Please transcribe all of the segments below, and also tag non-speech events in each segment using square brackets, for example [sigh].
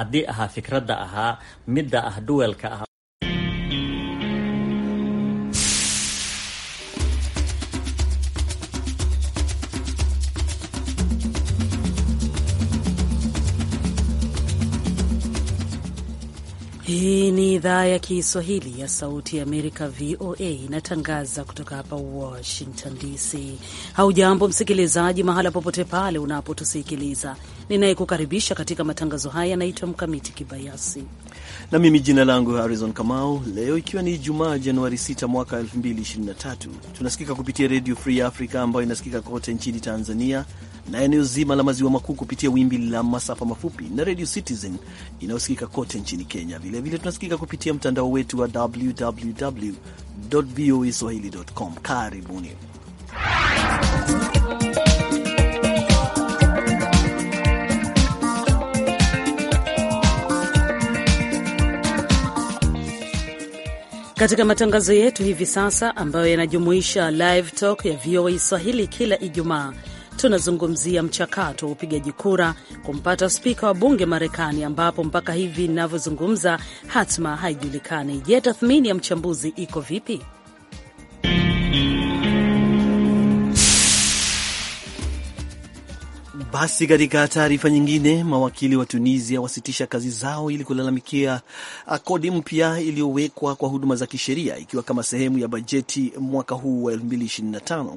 haddii ahaa fikradda ahaa midda ah duwelka ah. Hii ni idhaa ya Kiswahili ya Sauti ya Amerika, VOA, inatangaza kutoka hapa Washington DC. Haujambo msikilizaji, mahala popote pale unapotusikiliza. Ninayekukaribisha katika matangazo haya yanaitwa Mkamiti Kibayasi na mimi jina langu Harizon Kamau. Leo ikiwa ni Ijumaa, Januari 6 mwaka 2023, tunasikika kupitia Redio Free Africa ambayo inasikika kote nchini Tanzania na eneo zima la maziwa makuu kupitia wimbi la masafa mafupi na Radio Citizen inayosikika kote nchini Kenya. Vilevile tunasikika kupitia mtandao wetu wa www voa swahili.com. Karibuni. katika matangazo yetu hivi sasa ambayo yanajumuisha live talk ya VOA Swahili kila Ijumaa. Tunazungumzia mchakato wa upigaji kura kumpata spika wa bunge Marekani, ambapo mpaka hivi ninavyozungumza hatma haijulikani. Je, tathmini ya mchambuzi iko vipi? Basi katika taarifa nyingine, mawakili wa Tunisia wasitisha kazi zao ili kulalamikia uh, kodi mpya iliyowekwa kwa huduma za kisheria ikiwa kama sehemu ya bajeti mwaka huu wa 2025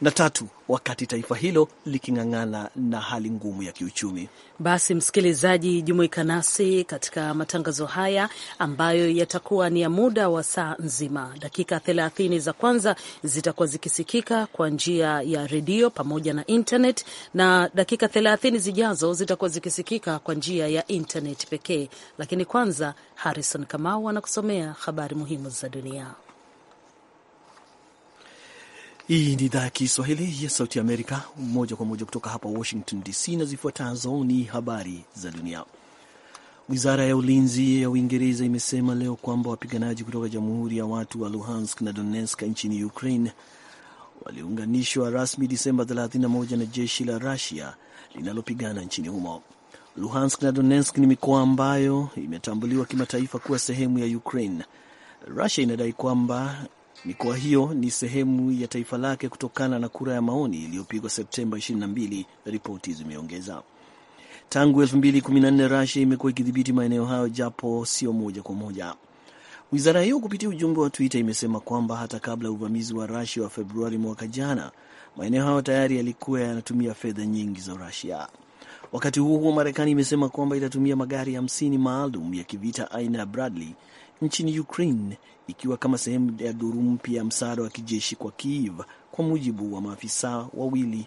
na tatu wakati taifa hilo liking'ang'ana na hali ngumu ya kiuchumi. Basi msikilizaji, jumuika nasi katika matangazo haya ambayo yatakuwa ni ya muda wa saa nzima. Dakika thelathini za kwanza zitakuwa zikisikika kwa njia ya redio pamoja na internet, na dakika thelathini zijazo zitakuwa zikisikika kwa njia ya internet pekee. Lakini kwanza, Harrison Kamau anakusomea habari muhimu za dunia. Hii ni idhaa ya Kiswahili ya Sauti ya Amerika, moja kwa moja kutoka hapa Washington DC, na zifuatazo ni habari za dunia. Wizara ya ulinzi ya Uingereza imesema leo kwamba wapiganaji kutoka Jamhuri ya Watu wa Luhansk na Donetsk nchini Ukraine waliunganishwa rasmi Disemba 31 na jeshi la Rusia linalopigana nchini humo. Luhansk na Donetsk ni mikoa ambayo imetambuliwa kimataifa kuwa sehemu ya Ukraine. Rusia inadai kwamba Mikoa hiyo ni sehemu ya taifa lake kutokana na kura ya maoni iliyopigwa Septemba 22, ripoti zimeongeza. Tangu 2014 Russia imekuwa ikidhibiti maeneo hayo japo sio moja kwa moja. Wizara hiyo kupitia ujumbe wa Twitter imesema kwamba hata kabla ya uvamizi wa Russia wa Februari mwaka jana, maeneo hayo tayari yalikuwa yanatumia fedha nyingi za Russia. Wakati huo huo, Marekani imesema kwamba itatumia magari 50 maalum ya kivita aina ya Bradley nchini Ukraine ikiwa kama sehemu ya duru mpya ya msaada wa kijeshi kwa Kiev, kwa mujibu wa maafisa wawili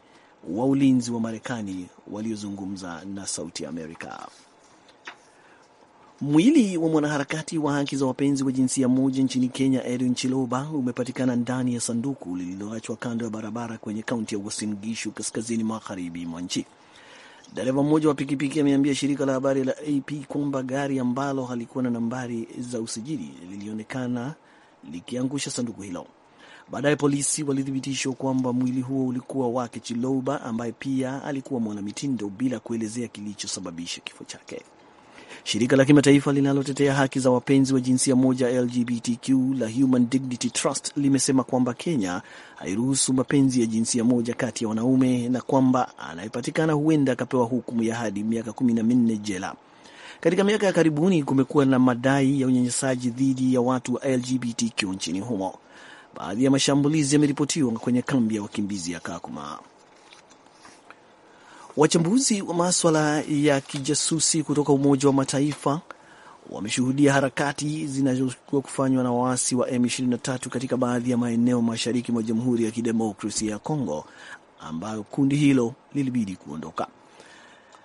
wa ulinzi wa Marekani waliozungumza na Sauti ya Amerika. Mwili wa mwanaharakati wa haki za wapenzi wa jinsia moja nchini Kenya, Edwin Chiloba, umepatikana ndani ya sanduku lililoachwa kando ya barabara kwenye kaunti ya Uasin Gishu, kaskazini magharibi mwa nchi. Dereva mmoja wa pikipiki ameambia shirika la habari la AP kwamba gari ambalo halikuwa na nambari za usajili lilionekana likiangusha sanduku hilo. Baadaye polisi walithibitishwa kwamba mwili huo ulikuwa wake chiloba ambaye pia alikuwa mwanamitindo, bila kuelezea kilichosababisha kifo chake. Shirika la kimataifa linalotetea haki za wapenzi wa jinsia moja LGBTQ la Human Dignity Trust limesema kwamba Kenya hairuhusu mapenzi ya jinsia moja kati ya wanaume na kwamba anayepatikana huenda akapewa hukumu ya hadi miaka kumi na minne jela. Katika miaka ya karibuni kumekuwa na madai ya unyanyasaji dhidi ya watu wa LGBTQ nchini humo. Baadhi ya mashambulizi yameripotiwa kwenye kambi ya wakimbizi ya Kakuma. Wachambuzi wa maswala ya kijasusi kutoka Umoja wa Mataifa wameshuhudia harakati zinazokuwa kufanywa na waasi wa M23 katika baadhi ya maeneo mashariki mwa Jamhuri ya Kidemokrasia ya Kongo ambayo kundi hilo lilibidi kuondoka.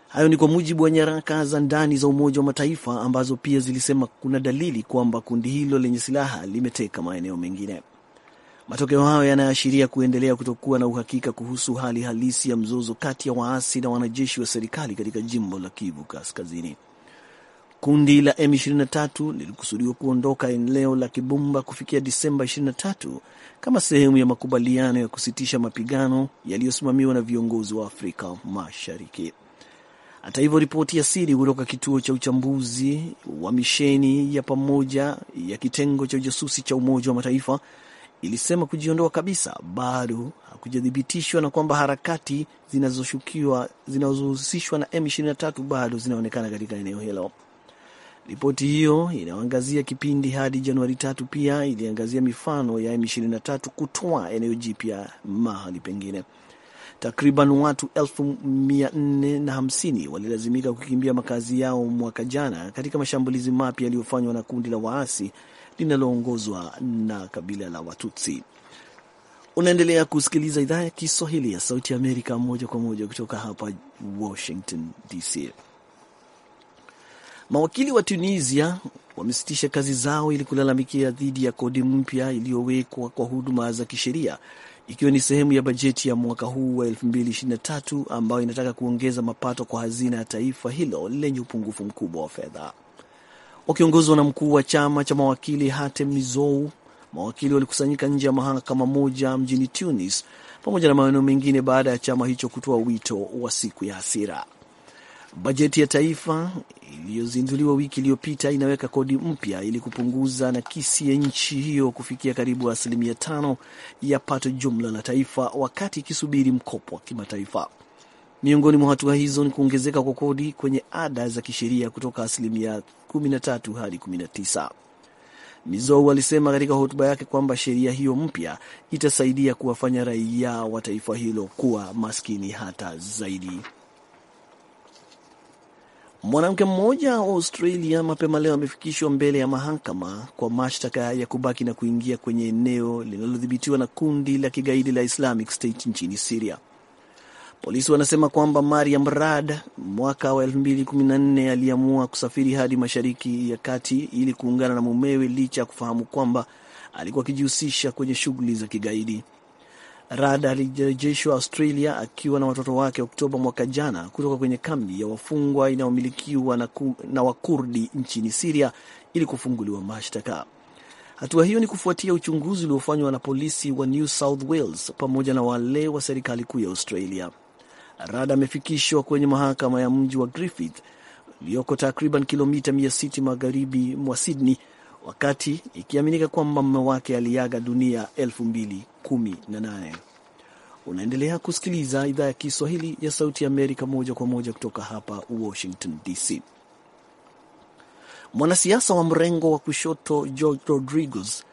Hayo ni kwa mujibu wa nyaraka za ndani za Umoja wa Mataifa ambazo pia zilisema kuna dalili kwamba kundi hilo lenye silaha limeteka maeneo mengine. Matokeo hayo yanaashiria kuendelea kutokuwa na uhakika kuhusu hali halisi ya mzozo kati ya waasi na wanajeshi wa serikali katika jimbo la Kivu Kaskazini. Kundi la M23 lilikusudiwa kuondoka eneo la Kibumba kufikia Disemba 23 kama sehemu ya makubaliano ya kusitisha mapigano yaliyosimamiwa na viongozi wa Afrika Mashariki. Hata hivyo, ripoti ya siri kutoka kituo cha uchambuzi wa misheni ya pamoja ya kitengo cha ujasusi cha Umoja wa Mataifa ilisema kujiondoa kabisa bado hakujathibitishwa na kwamba harakati zinazoshukiwa zinazohusishwa na M23 bado zinaonekana katika eneo hilo. Ripoti hiyo inayoangazia kipindi hadi Januari tatu pia iliangazia mifano ya M23 kutoa eneo jipya mahali pengine. Takriban watu 450 walilazimika kukimbia makazi yao mwaka jana katika mashambulizi mapya yaliyofanywa na kundi la waasi linaloongozwa na kabila la Watutsi. Unaendelea kusikiliza idhaa ya Kiswahili ya Sauti Amerika moja kwa moja kutoka hapa Washington DC. Mawakili wa Tunisia wamesitisha kazi zao ili kulalamikia dhidi ya kodi mpya iliyowekwa kwa huduma za kisheria ikiwa ni sehemu ya bajeti ya mwaka huu wa 2023 ambayo inataka kuongeza mapato kwa hazina ya taifa hilo lenye upungufu mkubwa wa fedha wakiongozwa na mkuu wa chama cha mawakili Hatem Nizou. Mawakili walikusanyika nje ya mahakama moja mjini Tunis pamoja na maeneo mengine baada ya chama hicho kutoa wito wa siku ya hasira. Bajeti ya taifa iliyozinduliwa wiki iliyopita inaweka kodi mpya ili kupunguza nakisi ya nchi hiyo kufikia karibu asilimia tano ya pato jumla la taifa wakati ikisubiri mkopo wa kimataifa. Miongoni mwa hatua hizo ni kuongezeka kwa kodi kwenye ada za kisheria kutoka asilimia 13 hadi 19. Mizou alisema katika hotuba yake kwamba sheria hiyo mpya itasaidia kuwafanya raia wa taifa hilo kuwa maskini hata zaidi. Mwanamke mmoja wa Australia mapema leo amefikishwa mbele ya mahakama kwa mashtaka ya kubaki na kuingia kwenye eneo linalodhibitiwa na kundi la kigaidi la Islamic State nchini Siria. Polisi wanasema kwamba Mariam rad mwaka wa 2014 aliamua kusafiri hadi mashariki ya kati ili kuungana na mumewe licha ya kufahamu kwamba alikuwa akijihusisha kwenye shughuli za kigaidi. Rad alirejeshwa Australia akiwa na watoto wake Oktoba mwaka jana kutoka kwenye kambi ya wafungwa inayomilikiwa na, na Wakurdi nchini Siria ili kufunguliwa mashtaka. Hatua hiyo ni kufuatia uchunguzi uliofanywa na polisi wa New South Wales pamoja na wale wa serikali kuu ya Australia. Rada amefikishwa kwenye mahakama ya mji wa Griffith ulioko takriban kilomita 600 magharibi mwa Sydney, wakati ikiaminika kwamba mume wake aliaga dunia 2018. Unaendelea kusikiliza idhaa ya Kiswahili ya Sauti ya Amerika moja kwa moja kutoka hapa Washington DC. Mwanasiasa wa mrengo wa kushoto George Rodriguez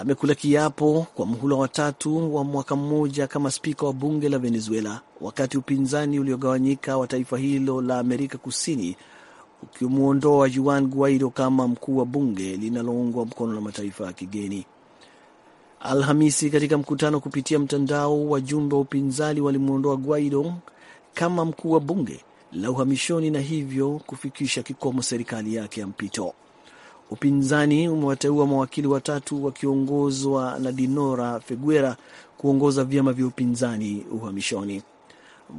amekula kiapo kwa mhula watatu wa mwaka mmoja kama spika wa bunge la Venezuela, wakati upinzani uliogawanyika wa taifa hilo la Amerika Kusini ukimwondoa Juan Guaido kama mkuu wa bunge linaloungwa mkono na mataifa ya kigeni. Alhamisi, katika mkutano kupitia mtandao, wajumbe wa upinzani walimwondoa Guaido kama mkuu wa bunge la uhamishoni na hivyo kufikisha kikomo serikali yake ya mpito. Upinzani umewateua mawakili watatu wakiongozwa na Dinora Feguera kuongoza vyama vya upinzani uhamishoni.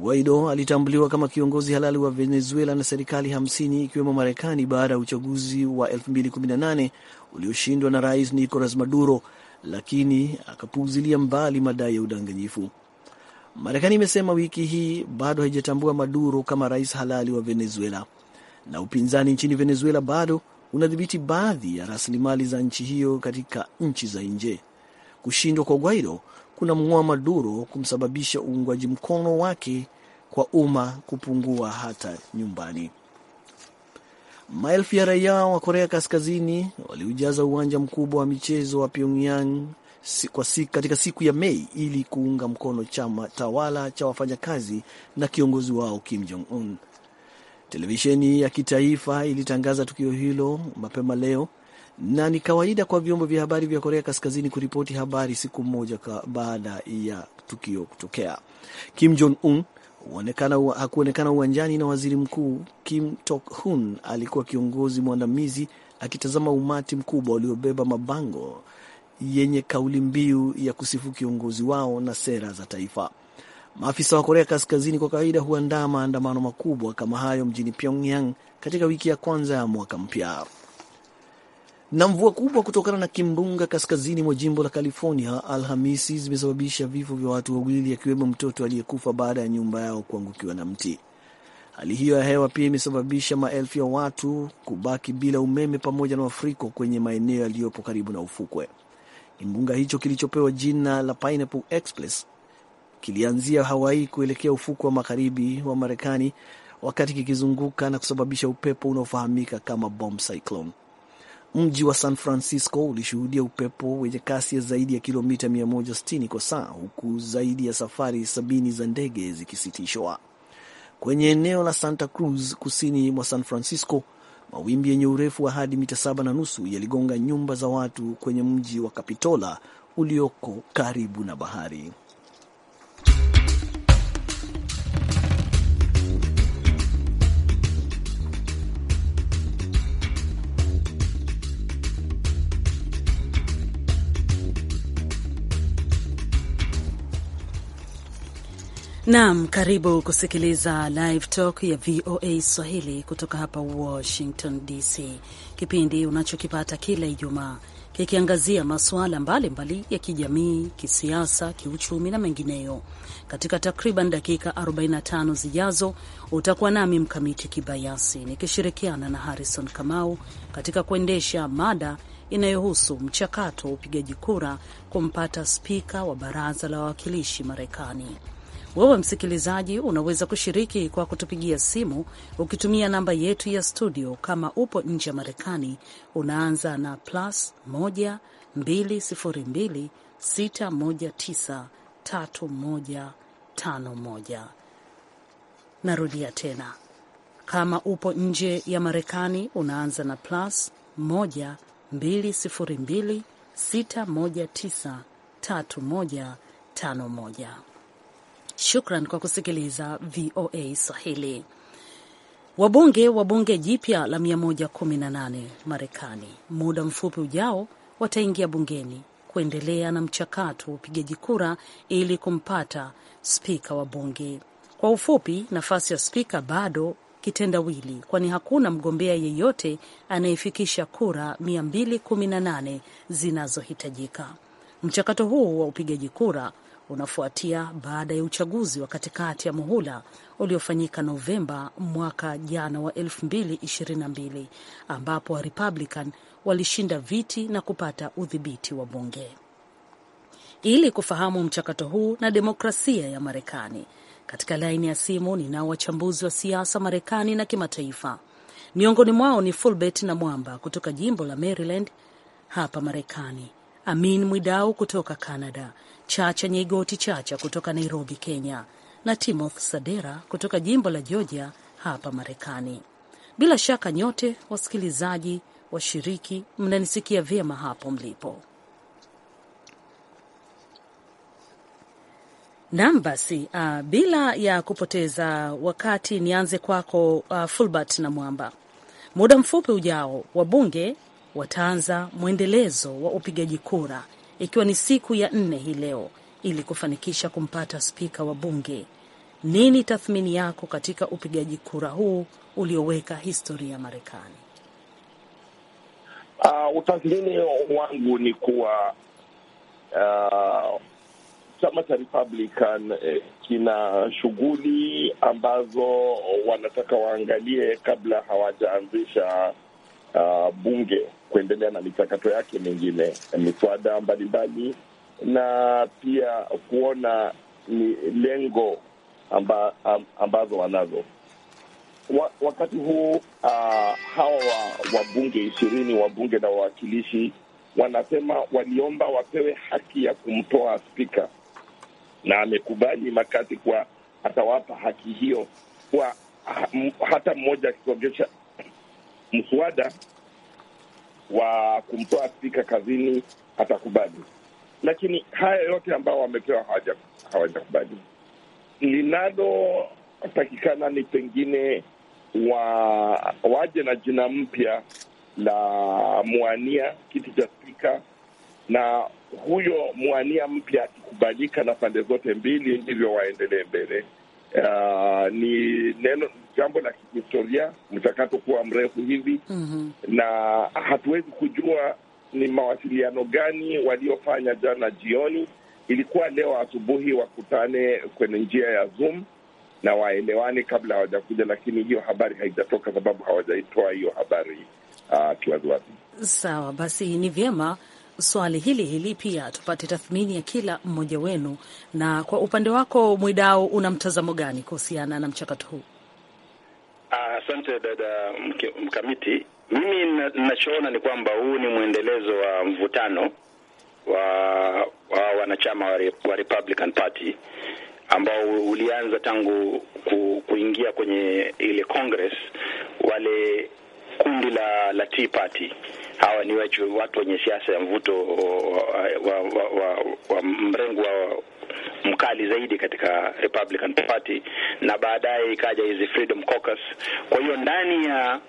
Guaido alitambuliwa kama kiongozi halali wa Venezuela na serikali hamsini ikiwemo Marekani baada ya uchaguzi wa 2018 ulioshindwa na Rais Nicolas Maduro, lakini akapuuzilia mbali madai ya udanganyifu. Marekani imesema wiki hii bado haijatambua Maduro kama rais halali wa Venezuela, na upinzani nchini Venezuela bado unadhibiti baadhi ya rasilimali za nchi hiyo katika nchi za nje. Kushindwa kwa Guaido mng'oa Maduro, kumsababisha uungwaji mkono wake kwa umma kupungua hata nyumbani. Maelfu ya raia wa Korea Kaskazini waliujaza uwanja mkubwa wa michezo wa Pyongyang katika siku ya Mei ili kuunga mkono chama tawala cha wafanyakazi na kiongozi wao Kim Jong Un. Televisheni ya kitaifa ilitangaza tukio hilo mapema leo, na ni kawaida kwa vyombo vya habari vya Korea Kaskazini kuripoti habari siku moja baada ya tukio kutokea. Kim Jong Un hakuonekana uwanjani na waziri mkuu Kim Tok Hun alikuwa kiongozi mwandamizi akitazama umati mkubwa uliobeba mabango yenye kauli mbiu ya kusifu kiongozi wao na sera za taifa. Maafisa wa Korea Kaskazini kwa kawaida huandaa maandamano makubwa kama hayo mjini Pyongyang katika wiki ya kwanza ya mwaka mpya. Na mvua kubwa kutokana na kimbunga kaskazini mwa jimbo la California Alhamisi zimesababisha vifo vya watu wawili, akiwemo mtoto aliyekufa baada ya nyumba yao kuangukiwa na mti. Hali hiyo ya hewa pia imesababisha maelfu ya watu kubaki bila umeme pamoja na mafuriko kwenye maeneo yaliyopo karibu na ufukwe. Kimbunga hicho kilichopewa jina la Pineapple Express kilianzia Hawaii kuelekea ufuko wa magharibi wa Marekani wakati kikizunguka na kusababisha upepo unaofahamika kama bomb cyclone. Mji wa San Francisco ulishuhudia upepo wenye kasi ya zaidi ya kilomita 160 kwa saa, huku zaidi ya safari sabini za ndege zikisitishwa kwenye eneo la Santa Cruz kusini mwa San Francisco. Mawimbi yenye urefu wa hadi mita saba na nusu yaligonga nyumba za watu kwenye mji wa Kapitola ulioko karibu na bahari. Naam, karibu kusikiliza Live Talk ya VOA Swahili kutoka hapa Washington DC, kipindi unachokipata kila Ijumaa kikiangazia masuala mbalimbali ya kijamii, kisiasa, kiuchumi na mengineyo. Katika takriban dakika 45 zijazo utakuwa nami Mkamiti Kibayasi nikishirikiana na Harrison Kamau katika kuendesha mada inayohusu mchakato wa upigaji kura kumpata spika wa baraza la wawakilishi Marekani. Wewe msikilizaji, unaweza kushiriki kwa kutupigia simu ukitumia namba yetu ya studio. Kama upo nje ya Marekani, unaanza na plus 1 Narudia tena, kama upo nje ya Marekani, unaanza na plus 1 202 619 Shukran kwa kusikiliza VOA Swahili. Wabunge wa bunge jipya la 118 Marekani muda mfupi ujao wataingia bungeni kuendelea na mchakato wa upigaji kura ili kumpata spika wa bunge. Kwa ufupi, nafasi ya spika bado kitendawili, kwani hakuna mgombea yeyote anayefikisha kura 218 zinazohitajika. Mchakato huu wa upigaji kura unafuatia baada ya uchaguzi wa katikati ya muhula uliofanyika Novemba mwaka jana wa 2022 ambapo wa Republican walishinda viti na kupata udhibiti wa bunge. Ili kufahamu mchakato huu na demokrasia ya Marekani, katika laini ya simu ninao wachambuzi wa siasa Marekani na kimataifa. Miongoni mwao ni Fulbert na Mwamba kutoka jimbo la Maryland hapa Marekani, Amin Mwidau kutoka Canada Chacha Nyeigoti Chacha kutoka Nairobi, Kenya, na timoth Sadera kutoka jimbo la Georgia hapa Marekani. Bila shaka nyote wasikilizaji, washiriki, mnanisikia vyema hapo mlipo. Nam basi, uh, bila ya kupoteza wakati nianze kwako uh, Fulbert na Mwamba. Muda mfupi ujao wabunge wataanza mwendelezo wa upigaji kura ikiwa ni siku ya nne hii leo ili kufanikisha kumpata spika wa bunge. Nini tathmini yako katika upigaji kura huu ulioweka historia Marekani? Uh, utathmini wangu ni kuwa uh, chama cha Republican eh, kina shughuli ambazo wanataka waangalie kabla hawajaanzisha uh, bunge kuendelea na michakato yake mingine, miswada mbalimbali, na pia kuona ni lengo amba, ambazo wanazo wa, wakati huu uh, hawa wabunge ishirini bunge na wawakilishi wanasema waliomba wapewe haki ya kumtoa spika, na amekubali Makati kwa atawapa haki hiyo kwa hata mmoja akisogesha mswada wa kumtoa spika kazini atakubali, lakini haya yote ambayo wamepewa hawajakubali. Linalotakikana ni pengine wa waje na jina mpya la mwania kiti cha spika, na huyo mwania mpya akikubalika na pande zote mbili, ndivyo waendelee mbele. Uh, ni neno jambo la kihistoria, mchakato kuwa mrefu hivi mm -hmm. na hatuwezi kujua ni mawasiliano gani waliofanya jana jioni. Ilikuwa leo asubuhi wakutane kwenye njia ya Zoom na waelewane kabla hawajakuja, lakini hiyo habari haijatoka, sababu hawajaitoa hiyo habari uh, kiwaziwazi. Sawa basi, ni vyema swali hili hili pia tupate tathmini ya kila mmoja wenu. Na kwa upande wako mwidao una mtazamo gani kuhusiana na mchakato huu? Asante dada mkamiti. Mimi ninachoona ni kwamba huu ni mwendelezo wa mvutano wa, wa wanachama wa, wa Republican Party ambao ulianza tangu ku, kuingia kwenye ile Congress wale kundi la, la Tea Party hawa ni watu wenye siasa ya mvuto wa, wa, wa, wa, wa mrengo wa mkali zaidi katika Republican Party, na baadaye ikaja hizi Freedom Caucus. Kwa hiyo ndani ya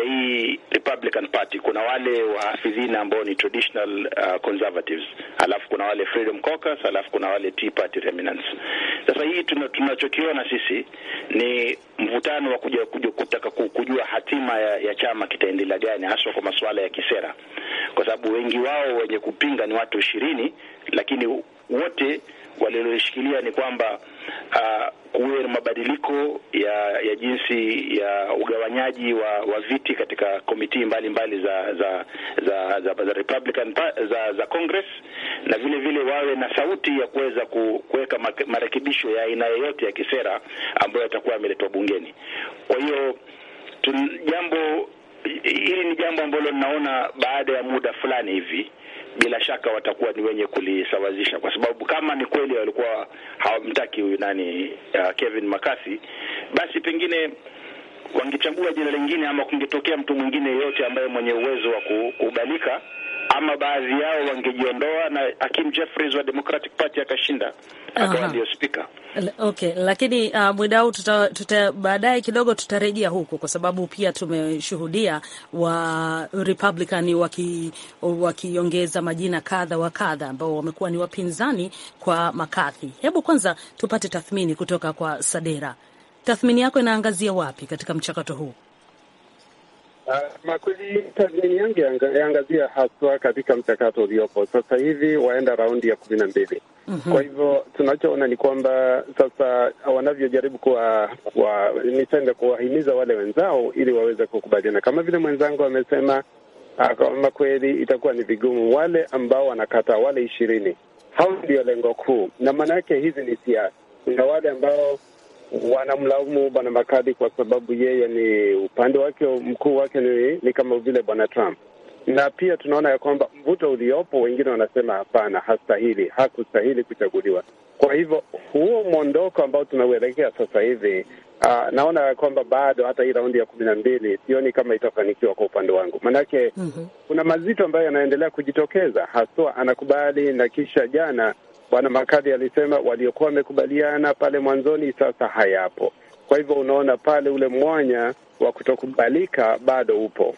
hii Republican Party kuna wale wahafidhina ambao ni traditional uh, conservatives, alafu kuna wale Freedom Caucus, alafu kuna wale Tea Party remnants. Sasa hii tunachokiona sisi ni mvutano wa kuja, kuja kutaka kujua hatima ya, ya chama kitaendelea gani, haswa kwa masuala ya kisera, kwa sababu wengi wao wenye kupinga ni watu ishirini, lakini wote waliloishikilia ni kwamba uh, kuwe na mabadiliko ya ya jinsi ya ugawanyaji wa, wa viti katika komiti mbalimbali mbali za za za, za, za Republican za, za Congress na vile vile wawe na sauti ya kuweza kuweka marekebisho ya aina yoyote ya kisera ambayo yatakuwa yameletwa bungeni. Kwa hiyo jambo hili ni jambo ambalo ninaona baada ya muda fulani hivi bila shaka watakuwa ni wenye kulisawazisha, kwa sababu kama ni kweli walikuwa hawamtaki huyu nani, uh, Kevin McCarthy, basi pengine wangechagua jina lingine ama kungetokea mtu mwingine yeyote ambaye mwenye uwezo wa kukubalika ama baadhi yao wangejiondoa na Hakim Jeffries wa Democratic Party akashinda akawa ndio spika. Okay, lakini uh, mwidau tuta, tuta baadaye kidogo tutarejea huko kwa sababu pia tumeshuhudia wa Republican waki wakiongeza majina kadha wa kadha ambao wamekuwa ni wapinzani kwa McCarthy. Hebu kwanza tupate tathmini kutoka kwa Sadera. Tathmini yako inaangazia wapi katika mchakato huu? makweli ah, tathmini yangu yaangazia haswa katika mchakato uliopo sasa hivi, waenda raundi ya kumi na mbili. Mhm. Kwa hivyo tunachoona ni kwamba sasa wanavyojaribu kuwa, kuwa niseme kuwahimiza wale wenzao ili waweze kukubaliana, kama vile mwenzangu amesema ah, kwamba kweli itakuwa ni vigumu wale ambao wanakataa, wale ishirini, hao ndio lengo kuu, na maana yake hizi ni siasa. Kuna wale ambao wanamlaumu bwana Makadi kwa sababu yeye ni upande wake mkuu wake ni, ni kama vile bwana Trump, na pia tunaona ya kwamba mvuto uliopo, wengine wanasema hapana, hastahili, hakustahili kuchaguliwa. Kwa hivyo huo mwondoko ambao tunauelekea sasa hivi Uh, naona ya kwamba bado hata hii raundi ya kumi na mbili sioni kama itafanikiwa kwa upande wangu, maanake mm -hmm. kuna mazito ambayo yanaendelea kujitokeza, haswa anakubali na kisha jana Bwana Makadhi alisema waliokuwa wamekubaliana pale mwanzoni sasa hayapo. Kwa hivyo unaona pale ule mwanya wa kutokubalika bado upo.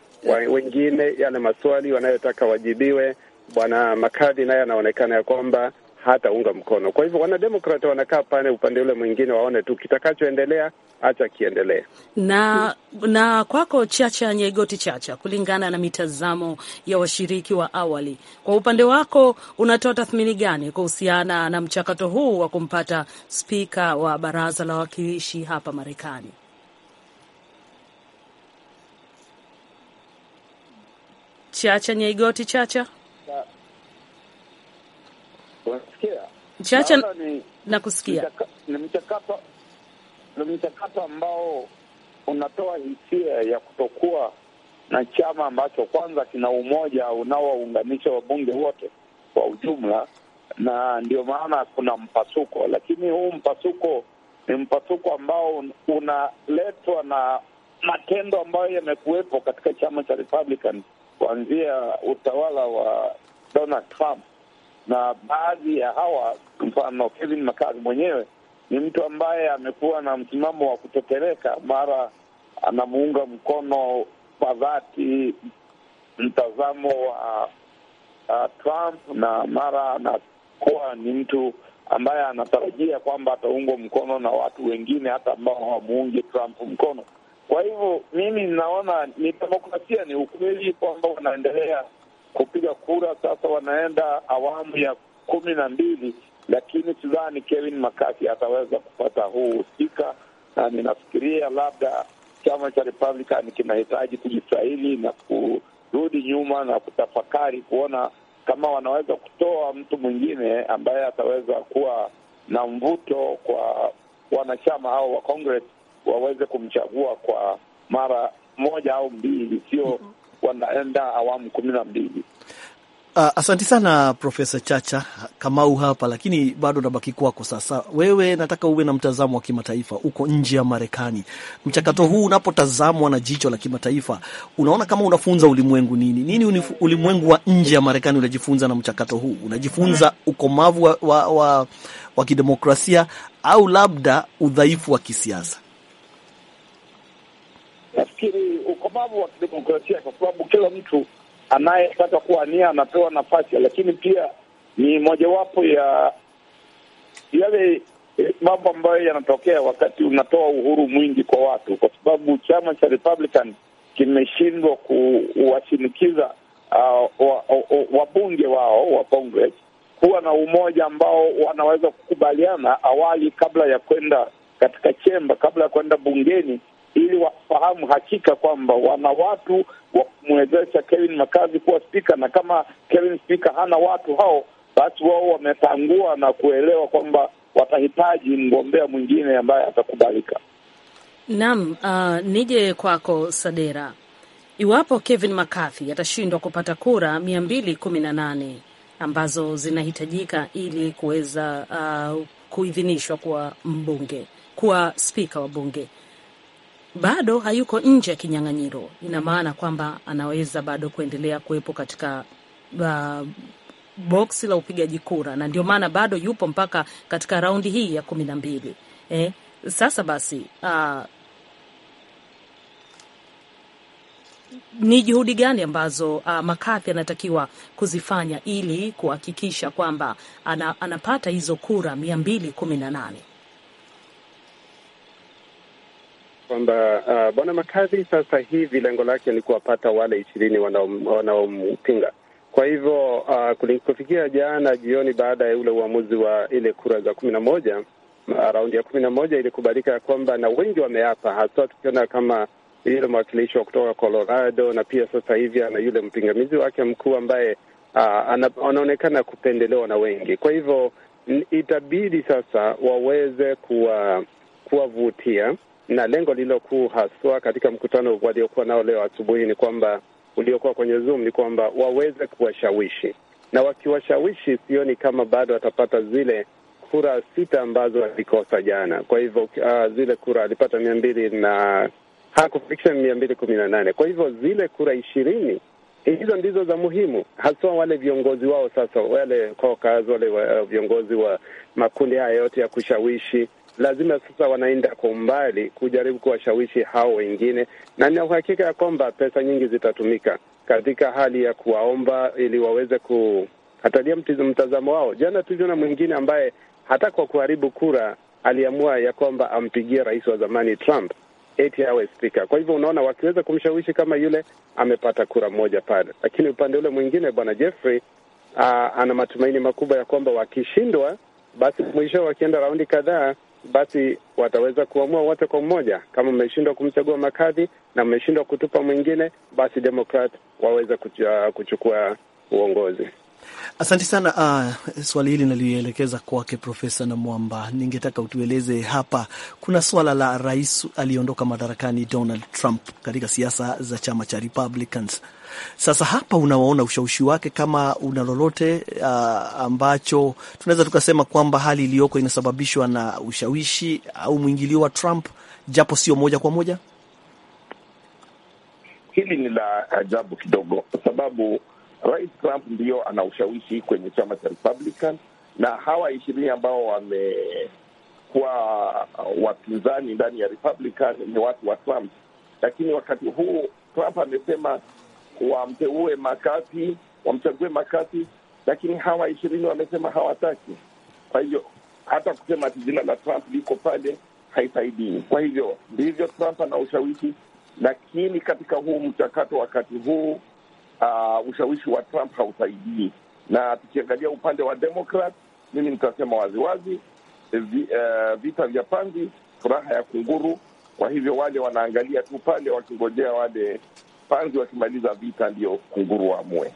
Wengine yale maswali wanayotaka wajibiwe, Bwana Makadhi naye anaonekana ya kwamba hataunga mkono. Kwa hivyo wanademokrat wanakaa pale upande ule mwingine, waone tu kitakachoendelea, acha kiendelee. Na na kwako Chacha Nyegoti Chacha, kulingana na mitazamo ya washiriki wa awali, kwa upande wako unatoa tathmini gani kuhusiana na mchakato huu wa kumpata spika wa baraza la wawakilishi hapa Marekani? Chacha Nyaigoti Chacha unasikia Chacha, nakusikia. Ni mchakato ambao unatoa hisia ya kutokuwa na chama ambacho kwanza kina umoja unaowaunganisha wabunge wote kwa ujumla, na ndio maana kuna mpasuko. Lakini huu mpasuko ni mpasuko ambao unaletwa na matendo ambayo yamekuwepo katika chama cha Republican kuanzia utawala wa Donald Trump na baadhi ya hawa, mfano Kevin McCarthy mwenyewe ni mtu ambaye amekuwa na msimamo wa kutetereka, mara anamuunga mkono kwa dhati mtazamo wa uh, Trump na mara anakuwa ni mtu ambaye anatarajia kwamba ataungwa mkono na watu wengine hata ambao hawamuungi Trump mkono. Kwa hivyo mimi ninaona ni demokrasia, ni ukweli kwamba wanaendelea kupiga kura. Sasa wanaenda awamu ya kumi na mbili, lakini sidhani Kevin Makasi ataweza kupata huu husika, na ninafikiria labda chama cha Republican kinahitaji kujistahili na kurudi nyuma na kutafakari kuona kama wanaweza kutoa mtu mwingine ambaye ataweza kuwa na mvuto kwa wanachama hao wa Congress waweze kumchagua kwa mara moja au mbili, sio mhm wanaenda awamu kumi na mbili. Uh, asanti sana Profesa Chacha Kamau hapa, lakini bado nabaki kwako. Sasa wewe, nataka uwe na mtazamo wa kimataifa, uko nje ya Marekani. Mchakato huu unapotazamwa na jicho la kimataifa, unaona kama unafunza ulimwengu nini? Nini ulimwengu wa nje ya Marekani unajifunza na mchakato huu? Unajifunza ukomavu wa, wa, wa, wa kidemokrasia au labda udhaifu wa kisiasa? Nafikiri ubavu wa kidemokrasia, kwa sababu kila mtu anayetaka kuwania anapewa nafasi, lakini pia ni mojawapo ya yale eh, mambo ambayo yanatokea wakati unatoa uhuru mwingi kwa watu, kwa sababu chama cha Republican kimeshindwa kuwashinikiza uh, wabunge wa wao wa Congress kuwa na umoja ambao wanaweza kukubaliana awali kabla ya kwenda katika chemba, kabla ya kwenda bungeni ili wafahamu hakika kwamba wana watu wa kumwezesha Kevin Makazi kuwa spika, na kama Kevin spika hana watu hao, basi wao wametangua na kuelewa kwamba watahitaji mgombea mwingine ambaye atakubalika. Naam. Uh, nije kwako Sadera, iwapo Kevin McCarthy atashindwa kupata kura mia mbili kumi na nane ambazo zinahitajika ili kuweza uh, kuidhinishwa kuwa mbunge, kuwa spika wa bunge bado hayuko nje ya kinyang'anyiro, ina maana kwamba anaweza bado kuendelea kuwepo katika uh, boksi la upigaji kura, na ndio maana bado yupo mpaka katika raundi hii ya kumi na mbili. Eh, sasa basi uh, ni juhudi gani ambazo uh, makathi anatakiwa kuzifanya ili kuhakikisha kwamba ana, anapata hizo kura mia mbili kumi na nane? kwamba uh, bwana Makadhi sasa hivi lengo lake ni kuwapata wale ishirini wanaompinga. Kwa hivyo uh, kulikofikia jana jioni, baada ya ule uamuzi wa ile kura za kumi na moja uh, raundi ya kumi na moja ilikubalika ya kwamba na wengi wameapa, haswa tukiona kama yule mwakilishi wa kutoka Colorado na pia sasa hivi ana yule mpingamizi wake mkuu ambaye uh, anaonekana kupendelewa na wengi. Kwa hivyo itabidi sasa waweze kuwavutia kuwa na lengo lililokuu haswa katika mkutano waliokuwa nao leo asubuhi ni kwamba uliokuwa kwenye Zoom ni kwamba waweze kuwashawishi, na wakiwashawishi, sioni kama bado watapata zile kura sita ambazo walikosa jana. Kwa hivyo uh, zile kura alipata mia mbili na hakufikisha mia mbili kumi na nane. Kwa hivyo zile kura ishirini hizo ndizo za muhimu, haswa wale viongozi wao sasa, wale caucus, wale uh, viongozi wa makundi haya yote ya kushawishi lazima sasa wanaenda kwa umbali kujaribu kuwashawishi hao wengine, na nina uhakika ya kwamba pesa nyingi zitatumika katika hali ya kuwaomba ili waweze kuhatalia mtazamo wao. Jana tuliona mwingine ambaye hata kwa kuharibu kura aliamua ya kwamba ampigie rais wa zamani Trump eti awe spika. Kwa hivyo unaona, wakiweza kumshawishi kama yule, amepata kura moja pale, lakini upande ule mwingine bwana Jeffrey aa, ana matumaini makubwa ya kwamba wakishindwa, basi mwisho wakienda raundi kadhaa basi wataweza kuamua wote kwa mmoja. Kama mmeshindwa kumchagua makadhi na mmeshindwa kutupa mwingine, basi Demokrat waweze kuchukua uongozi. Asante sana. Uh, swali hili nalielekeza kwake Profesa Namwamba, ningetaka utueleze hapa, kuna swala la rais aliyeondoka madarakani Donald Trump katika siasa za chama cha Republicans. Sasa hapa unawaona ushawishi wake, kama una lolote uh, ambacho tunaweza tukasema kwamba hali iliyoko inasababishwa na ushawishi au mwingilio wa Trump, japo sio moja kwa moja. Hili ni la ajabu kidogo, kwa sababu Rais Trump ndio ana ushawishi kwenye chama cha Republican, na hawa ishirini ambao wamekuwa wapinzani ndani ya Republican ni watu wa Trump. Lakini wakati huu Trump amesema wamteue makati wamchague makati, lakini hawa ishirini wamesema hawataki. Kwa hivyo hata kusema ati jina la Trump liko pale haisaidii. Kwa hivyo ndivyo Trump ana ushawishi, lakini katika huu mchakato wakati huu uh, ushawishi wa Trump hausaidii. Na tukiangalia upande wa demokrat mimi nitasema waziwazi uh, vita vya panzi, furaha ya kunguru. Kwa hivyo wale wanaangalia tu pale wakingojea wale panzi wakimaliza vita, ndio kunguru waamue.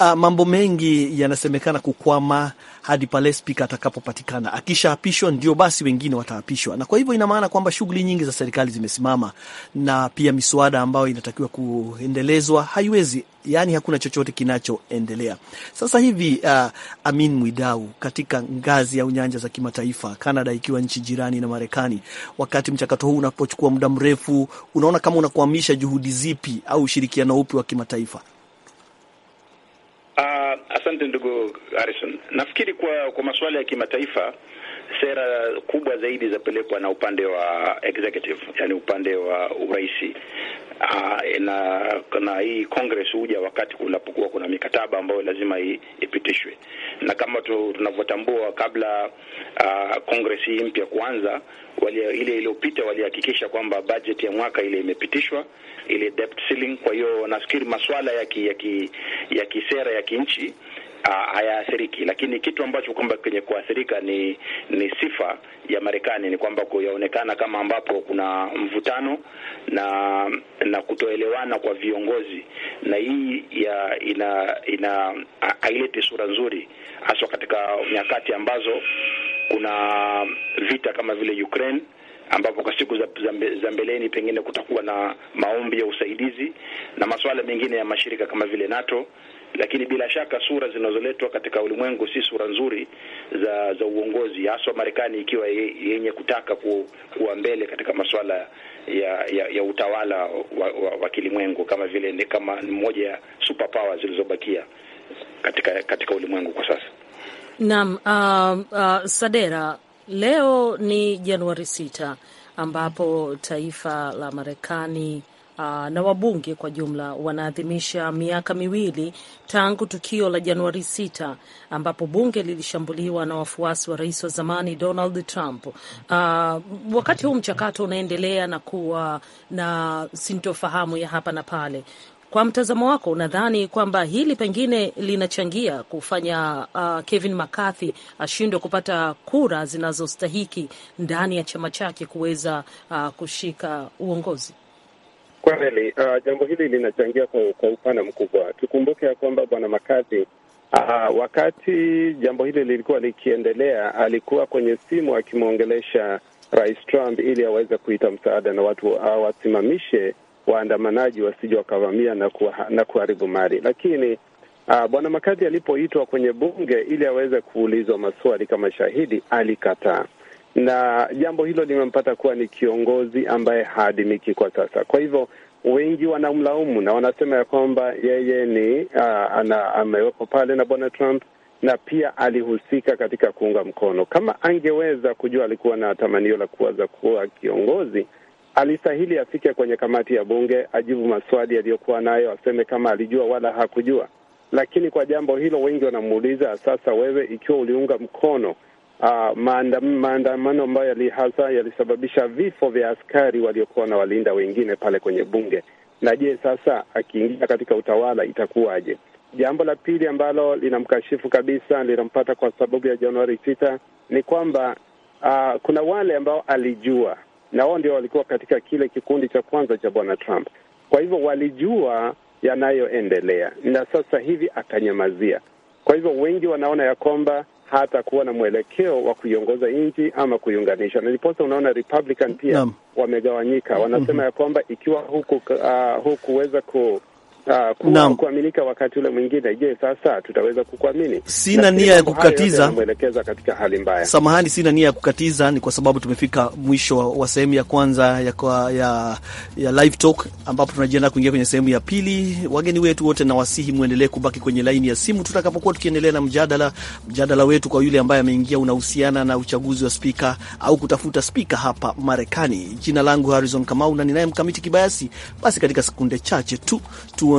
Uh, mambo mengi yanasemekana kukwama hadi pale spika atakapopatikana. Akishaapishwa ndio basi wengine wataapishwa, na kwa hivyo ina maana kwamba shughuli nyingi za serikali zimesimama, na pia miswada ambayo inatakiwa kuendelezwa haiwezi, yaani hakuna chochote kinachoendelea sasa hivi. Uh, Amin Mwidau, katika ngazi ya unyanja za kimataifa, Canada ikiwa nchi jirani na Marekani, wakati mchakato huu unapochukua muda mrefu, unaona kama unakwamisha juhudi zipi au ushirikiano upi wa kimataifa? Uh, asante ndugu Harrison. Nafikiri kwa kwa masuala ya kimataifa sera kubwa zaidi zapelekwa na upande wa executive, yani upande wa uraisi. Uh, ah, na, na hii Congress huja wakati kunapokuwa kuna mikataba ambayo lazima ipitishwe, na kama tunavyotambua kabla uh, Congress hii mpya kuanza, wale ile iliyopita walihakikisha kwamba budget ya mwaka ile imepitishwa ile debt ceiling. Kwa hiyo nafikiri masuala ya ki, ya ki, ya kisera ya kinchi hayaathiriki, lakini kitu ambacho kwamba kenye kuathirika ni ni sifa ya Marekani, ni kwamba kuyaonekana kama ambapo kuna mvutano na na kutoelewana kwa viongozi, na hii ya ina ina haileti sura nzuri, haswa katika nyakati ambazo kuna vita kama vile Ukraine ambapo kwa siku za mbeleni pengine kutakuwa na maombi ya usaidizi na masuala mengine ya mashirika kama vile NATO lakini bila shaka sura zinazoletwa katika ulimwengu si sura nzuri za za uongozi, haswa Marekani ikiwa yenye kutaka ku, kuwa mbele katika masuala ya, ya, ya utawala wa, wa, wa kilimwengu kama vile ni kama moja ya superpower zilizobakia katika katika ulimwengu kwa sasa. Naam, uh, uh, Sadera, leo ni Januari sita ambapo taifa la Marekani Ah, na wabunge kwa jumla wanaadhimisha miaka miwili tangu tukio la Januari 6 ambapo bunge lilishambuliwa na wafuasi wa rais wa zamani Donald Trump. Uh, wakati huu mchakato unaendelea na kuwa na sintofahamu ya hapa na pale. Kwa mtazamo wako, unadhani kwamba hili pengine linachangia kufanya uh, Kevin McCarthy ashindwe kupata kura zinazostahiki ndani ya chama chake kuweza uh, kushika uongozi? kwa Kweli uh, jambo hili linachangia kwa upana mkubwa. Tukumbuke ya kwamba bwana Makazi uh, wakati jambo hili lilikuwa likiendelea, alikuwa kwenye simu akimwongelesha Rais Trump ili aweze kuita msaada na watu awasimamishe waandamanaji wasije wakavamia na, kuwa, na kuharibu mali. Lakini uh, bwana Makazi alipoitwa kwenye bunge ili aweze kuulizwa maswali kama shahidi, alikataa na jambo hilo limempata kuwa ni kiongozi ambaye haadimiki kwa sasa. Kwa hivyo wengi wanamlaumu na wanasema ya kwamba yeye ni uh, ana, pale na bwana Trump na pia alihusika katika kuunga mkono. Kama angeweza kujua, alikuwa na tamanio la kuweza kuwa kiongozi, alistahili afike kwenye kamati ya bunge, ajibu maswali yaliyokuwa nayo, aseme kama alijua wala hakujua. Lakini kwa jambo hilo wengi wanamuuliza sasa, wewe ikiwa uliunga mkono uh, maandamano ambayo yali hasa yalisababisha vifo vya askari waliokuwa na walinda wengine pale kwenye bunge. Na je, sasa akiingia katika utawala itakuwaje? Jambo la pili ambalo linamkashifu kabisa, linampata kwa sababu ya Januari sita ni kwamba uh, kuna wale ambao alijua na wao ndio walikuwa katika kile kikundi cha kwanza cha bwana Trump. Kwa hivyo walijua yanayoendelea na sasa hivi akanyamazia. Kwa hivyo wengi wanaona ya kwamba hata kuwa na mwelekeo wa kuiongoza nchi ama kuiunganisha. Na ndiposa unaona Republican pia wamegawanyika, mm-hmm. wanasema ya kwamba ikiwa huku uh, hukuweza ku Uh, kuaminika wakati ule mwingine. Je, sasa tutaweza kukuamini? Sina nia ya kukatiza, mwelekeza katika hali mbaya. Samahani, sina nia ya kukatiza, ni kwa sababu tumefika mwisho wa sehemu ya kwanza ya, kwa, ya, ya live talk ambapo tunajiandaa kuingia kwenye sehemu ya pili. Wageni wetu wote nawasihi muendelee kubaki kwenye laini ya simu tutakapokuwa tukiendelea na mjadala mjadala wetu. Kwa yule ambaye ameingia, unahusiana na uchaguzi wa spika au kutafuta spika hapa Marekani. Jina langu Harrison Kamau na ninaye mkamiti Kibayasi. Basi katika sekunde chache tu tu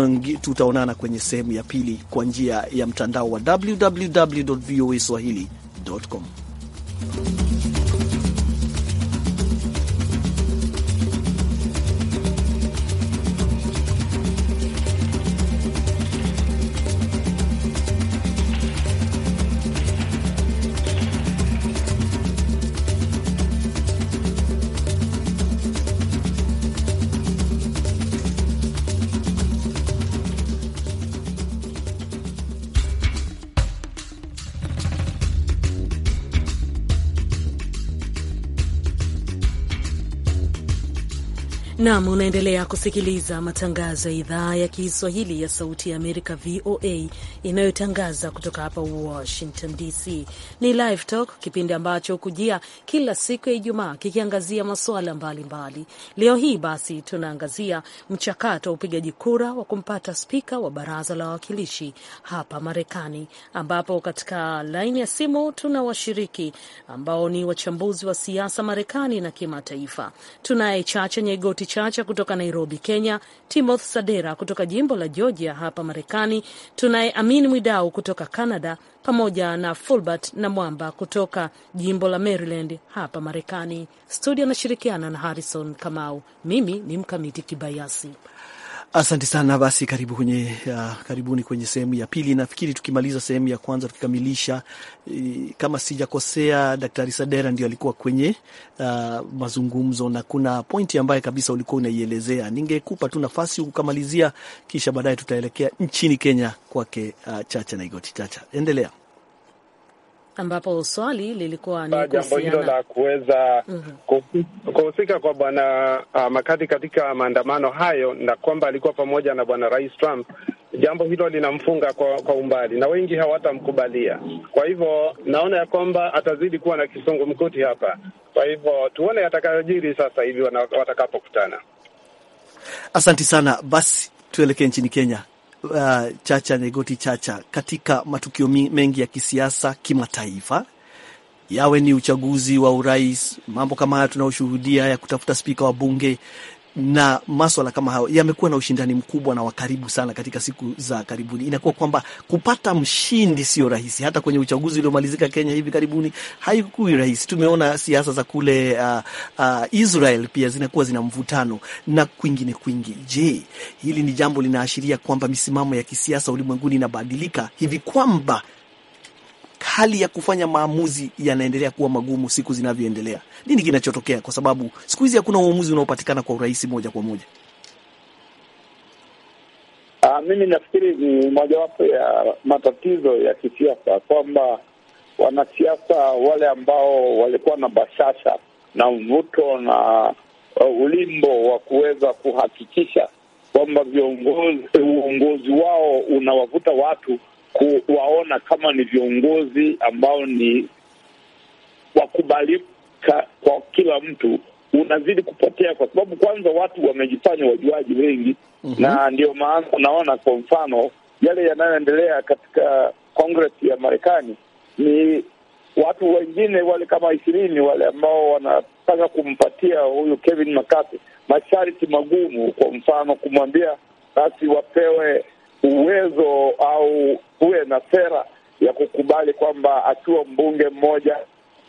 tutaonana kwenye sehemu ya pili kwa njia ya mtandao wa www voa swahili.com. Nam, unaendelea kusikiliza matangazo ya idhaa ya Kiswahili ya Sauti ya Amerika, VOA, inayotangaza kutoka hapa Washington DC. Ni Live Talk, kipindi ambacho hukujia kila siku ya Ijumaa kikiangazia masuala mbalimbali. Leo hii basi tunaangazia mchakato wa upigaji kura wa kumpata spika wa Baraza la Wawakilishi hapa Marekani, ambapo katika laini ya simu tuna washiriki ambao ni wachambuzi wa siasa Marekani na kimataifa. Tunaye Chacha Nyegoti Chacha kutoka Nairobi, Kenya, timoth Sadera kutoka jimbo la Georgia hapa Marekani, tunaye Amin Mwidau kutoka Canada, pamoja na Fulbert na Mwamba kutoka jimbo la Maryland hapa Marekani. Studio anashirikiana na Harrison Kamau. Mimi ni Mkamiti Kibayasi. Asante sana basi, karibu kwenye, uh, karibuni kwenye sehemu ya pili. Nafikiri tukimaliza sehemu ya kwanza tukikamilisha, e, kama sijakosea, Daktari Sadera ndio alikuwa kwenye uh, mazungumzo na kuna pointi ambaye kabisa ulikuwa unaielezea. Ningekupa tu nafasi ukamalizia, kisha baadaye tutaelekea nchini Kenya kwake uh, Chacha Naigoti. Chacha, endelea ambapo swali lilikuwa ni jambo hilo la kuweza mhm. kuhusika kwa bwana uh, Makati katika maandamano hayo, na kwamba alikuwa pamoja na bwana Rais Trump. Jambo hilo linamfunga kwa, kwa umbali na wengi hawatamkubalia. Kwa hivyo naona ya kwamba atazidi kuwa na kisungumkuti hapa. Kwa hivyo tuone atakayojiri sasa hivi watakapokutana. Asanti sana. Basi tuelekee nchini Kenya uh, Chacha Nyegoti Chacha, katika matukio mengi ya kisiasa kimataifa, yawe ni uchaguzi wa urais, mambo kama haya tunayoshuhudia ya kutafuta spika wa bunge na maswala kama hayo yamekuwa na ushindani mkubwa na wa karibu sana katika siku za karibuni. Inakuwa kwamba kupata mshindi sio rahisi. Hata kwenye uchaguzi uliomalizika Kenya hivi karibuni haikuwi rahisi. Tumeona siasa za kule uh, uh, Israel pia zinakuwa zina mvutano na kwingine kwingi. Je, hili ni jambo linaashiria kwamba misimamo ya kisiasa ulimwenguni inabadilika hivi kwamba hali ya kufanya maamuzi yanaendelea kuwa magumu siku zinavyoendelea. Nini kinachotokea? Kwa sababu siku hizi hakuna uamuzi unaopatikana kwa urahisi moja kwa moja. Aa, ah, mimi nafikiri ni mojawapo ya matatizo ya kisiasa kwamba wanasiasa wale ambao walikuwa na bashasha na mvuto na uh, ulimbo wa kuweza kuhakikisha kwamba viongozi uongozi wao unawavuta watu kuwaona kama ni viongozi ambao ni wakubalika kwa kila mtu unazidi kupotea, kwa sababu kwanza watu wamejifanya wajuaji wengi mm -hmm. na ndio maana unaona kwa mfano yale yanayoendelea katika Congress ya Marekani ni watu wengine wale kama ishirini wale ambao wanataka kumpatia huyu Kevin McCarthy masharti magumu, kwa mfano kumwambia basi wapewe uwezo au kuwe na sera ya kukubali kwamba akiwa mbunge mmoja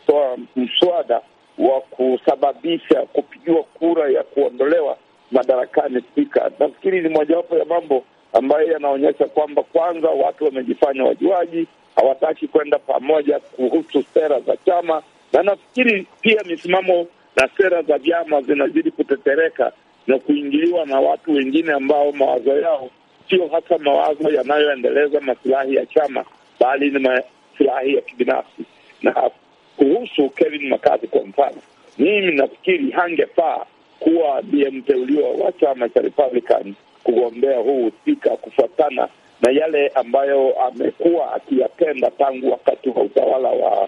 toa mswada wa kusababisha kupigiwa kura ya kuondolewa madarakani spika. Nafikiri ni mojawapo ya mambo ambayo yanaonyesha kwamba kwanza watu wamejifanya wajuaji, hawataki kwenda pamoja kuhusu sera za chama, na nafikiri pia misimamo na sera za vyama zinazidi kutetereka na kuingiliwa na watu wengine ambao mawazo yao sio hata mawazo yanayoendeleza masilahi ya chama, bali ni masilahi ya kibinafsi. Na kuhusu Kevin McCarthy kwa mfano, mimi nafikiri hangefaa kuwa ndiye mteuliwa wa chama cha Republican kugombea huu spika, kufuatana na yale ambayo amekuwa akiyapenda tangu wakati wa utawala wa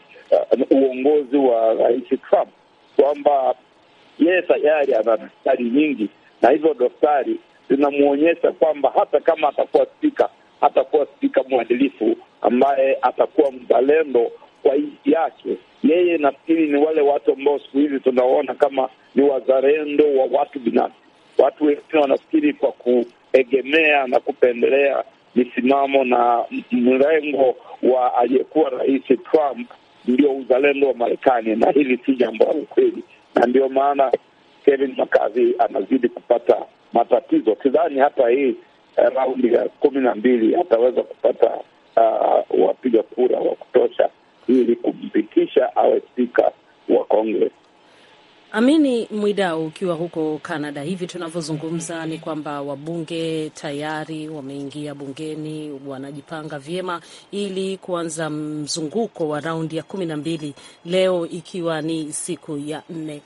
uh, uongozi wa rais Trump, kwamba yeye tayari ana daftari nyingi na hivyo daftari zinamwonyesha kwamba hata kama atakuwa spika, atakuwa spika mwadilifu ambaye atakuwa mzalendo kwa nchi yake. Yeye nafikiri ni wale watu ambao siku hizi tunaona kama ni wazalendo wa watu binafsi. Watu wengine wanafikiri kwa kuegemea na kupendelea misimamo na mrengo wa aliyekuwa rais Trump ndio uzalendo wa Marekani, na hili si jambo la ukweli, na ndio maana Kevin McCarthy anazidi kupata matatizo. Sidhani hata hii eh, raundi ya kumi na mbili ataweza kupata uh, wapiga kura wa kutosha ili kumpitisha awe spika wa Congress. Amini Mwidau, ukiwa huko Canada, hivi tunavyozungumza ni kwamba wabunge tayari wameingia bungeni, wanajipanga vyema ili kuanza mzunguko wa raundi ya kumi na mbili leo ikiwa ni siku ya nne.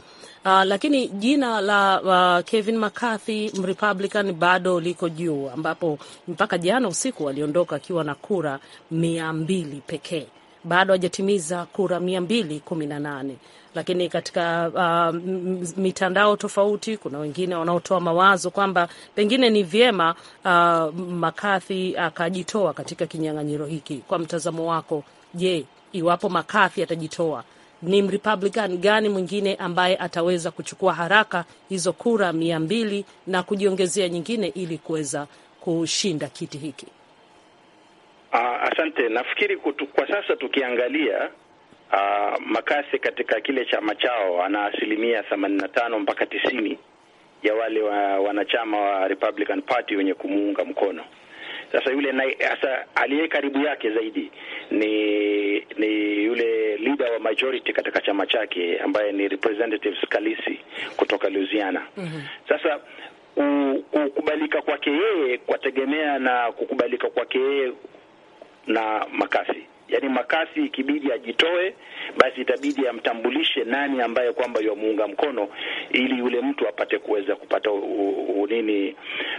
Uh, lakini jina la uh, Kevin McCarthy Republican bado liko juu, ambapo mpaka jana usiku aliondoka akiwa na kura mia mbili pekee bado hajatimiza kura mia mbili kumi na nane lakini katika uh, mitandao tofauti kuna wengine wanaotoa mawazo kwamba pengine ni vyema uh, makathi akajitoa katika kinyang'anyiro hiki. Kwa mtazamo wako, je, iwapo makathi atajitoa ni Mrepublican gani mwingine ambaye ataweza kuchukua haraka hizo kura mia mbili na kujiongezea nyingine ili kuweza kushinda kiti hiki? Uh, asante. Nafikiri kutu, kwa sasa tukiangalia uh, Makasi katika kile chama chao ana asilimia themanini na tano mpaka tisini ya wale wa, wanachama wa Republican Party wenye kumuunga mkono. Sasa yule na hasa aliye karibu yake zaidi ni ni yule leader wa majority katika chama chake ambaye ni representative Scalise kutoka Louisiana. mm -hmm. Sasa kukubalika kwake yeye kwategemea na kukubalika kwake yeye na makasi yani Makasi ikibidi ajitoe, basi itabidi amtambulishe nani ambaye kwamba yamuunga mkono, ili yule mtu apate kuweza kupata u, u, nini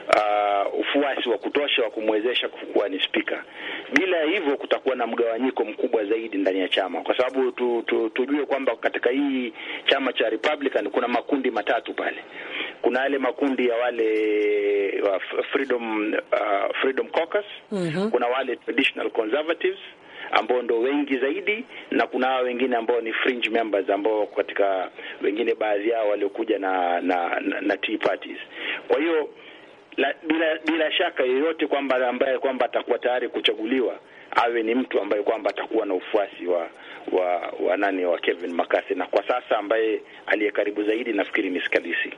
uh, ufuasi wa kutosha wa kumwezesha kuwa ni spika. Bila hivyo kutakuwa na mgawanyiko mkubwa zaidi ndani ya chama, kwa sababu tu, tu, tujue kwamba katika hii chama cha Republican kuna makundi matatu pale. Kuna yale makundi ya wale wa uh, Freedom, uh, Freedom Caucus. Mm -hmm. Kuna wale traditional conservatives ambao ndo wengi zaidi, na kuna hawa wengine ambao ni fringe members ambao katika wengine baadhi yao waliokuja na na, na, na tea parties. Kwa hiyo la, bila bila shaka yoyote kwamba ambaye kwamba atakuwa tayari kuchaguliwa awe ni mtu ambaye kwamba atakuwa na ufuasi wa wa, wa nani wa Kevin McCarthy, na kwa sasa ambaye aliye karibu zaidi nafikiri ni Scalise.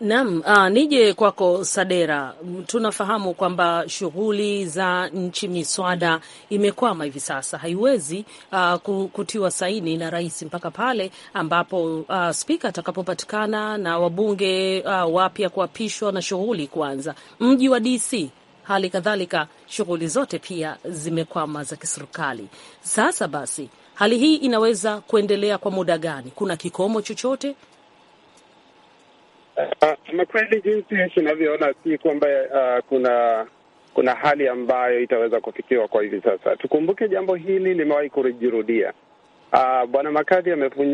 Naam, uh, nije kwako Sadera. Tunafahamu kwamba shughuli za nchi miswada imekwama hivi sasa, haiwezi uh, kutiwa saini na rais mpaka pale ambapo uh, spika atakapopatikana na wabunge uh, wapya kuapishwa na shughuli kuanza. Mji wa DC hali kadhalika, shughuli zote pia zimekwama za kiserikali. Sasa basi, hali hii inaweza kuendelea kwa muda gani? Kuna kikomo chochote? Ah, ama kweli jinsi tunavyoona si kwamba uh, kuna kuna hali ambayo itaweza kufikiwa kwa hivi sasa. Tukumbuke jambo hili limewahi kujirudia. Uh, bwana Makadhi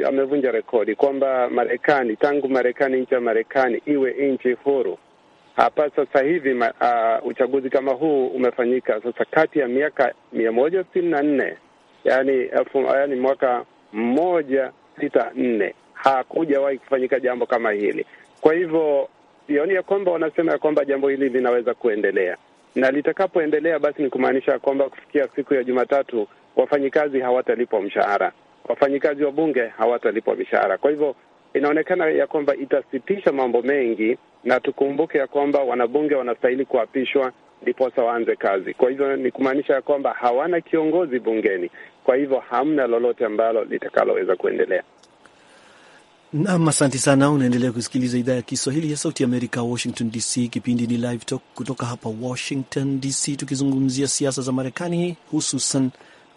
amevunja rekodi kwamba Marekani, tangu Marekani, nchi ya Marekani iwe nchi huru, hapa sasa hivi uh, uchaguzi kama huu umefanyika sasa kati ya miaka mia moja sitini na nne yani, yani mwaka mmoja sita nne hakujawahi kufanyika jambo kama hili. Kwa hivyo sioni ya kwamba wanasema ya kwamba jambo hili linaweza kuendelea, na litakapoendelea basi ni kumaanisha ya kwamba kufikia siku ya Jumatatu wafanyikazi hawatalipwa mshahara, wafanyikazi wa bunge hawatalipwa mishahara. Kwa hivyo inaonekana ya kwamba itasitisha mambo mengi, na tukumbuke ya kwamba wanabunge wanastahili kuapishwa ndiposa waanze kazi. Kwa hivyo ni kumaanisha ya kwamba hawana kiongozi bungeni, kwa hivyo hamna lolote ambalo litakaloweza kuendelea. Nam, asante sana. Unaendelea kusikiliza idhaa ya Kiswahili ya Sauti Amerika, Washington DC. Kipindi ni Live Talk kutoka hapa Washington DC, tukizungumzia siasa za Marekani, hususan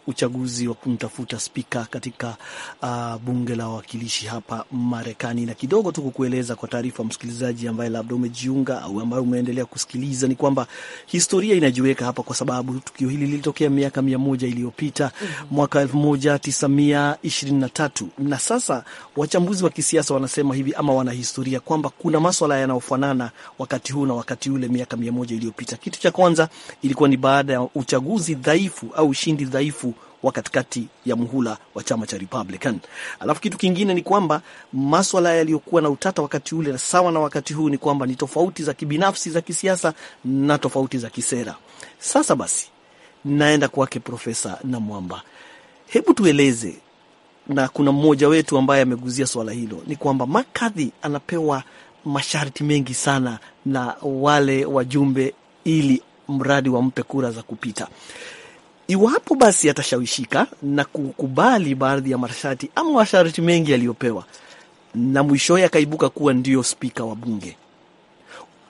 uchaguzi wa kumtafuta spika katika uh, bunge la wawakilishi hapa Marekani. Na kidogo tu kukueleza kwa taarifa msikilizaji ambaye labda umejiunga au ambaye umeendelea kusikiliza, ni kwamba historia inajiweka hapa kwa sababu tukio hili lilitokea miaka mia moja iliyopita mm -hmm. mwaka elfu moja tisa mia ishirini na tatu na sasa wachambuzi wa kisiasa wanasema hivi ama wanahistoria kwamba kuna maswala yanayofanana wakati huu na wakati ule miaka mia moja iliyopita. Kitu cha kwanza ilikuwa ni baada ya uchaguzi dhaifu au ushindi dhaifu wa katikati ya muhula wa chama cha Republican. Alafu kitu kingine ni kwamba maswala yaliyokuwa na utata wakati ule na sawa na wakati huu ni kwamba ni tofauti za kibinafsi za kisiasa na tofauti za kisera. Sasa basi naenda kwake Profesa Namwamba, hebu tueleze, na kuna mmoja wetu ambaye ameguzia swala hilo, ni kwamba makadhi anapewa masharti mengi sana na wale wajumbe ili mradi wampe kura za kupita. Iwapo basi atashawishika na kukubali baadhi ya masharti ama masharti mengi yaliyopewa, na mwishoye akaibuka kuwa ndiyo spika wa bunge,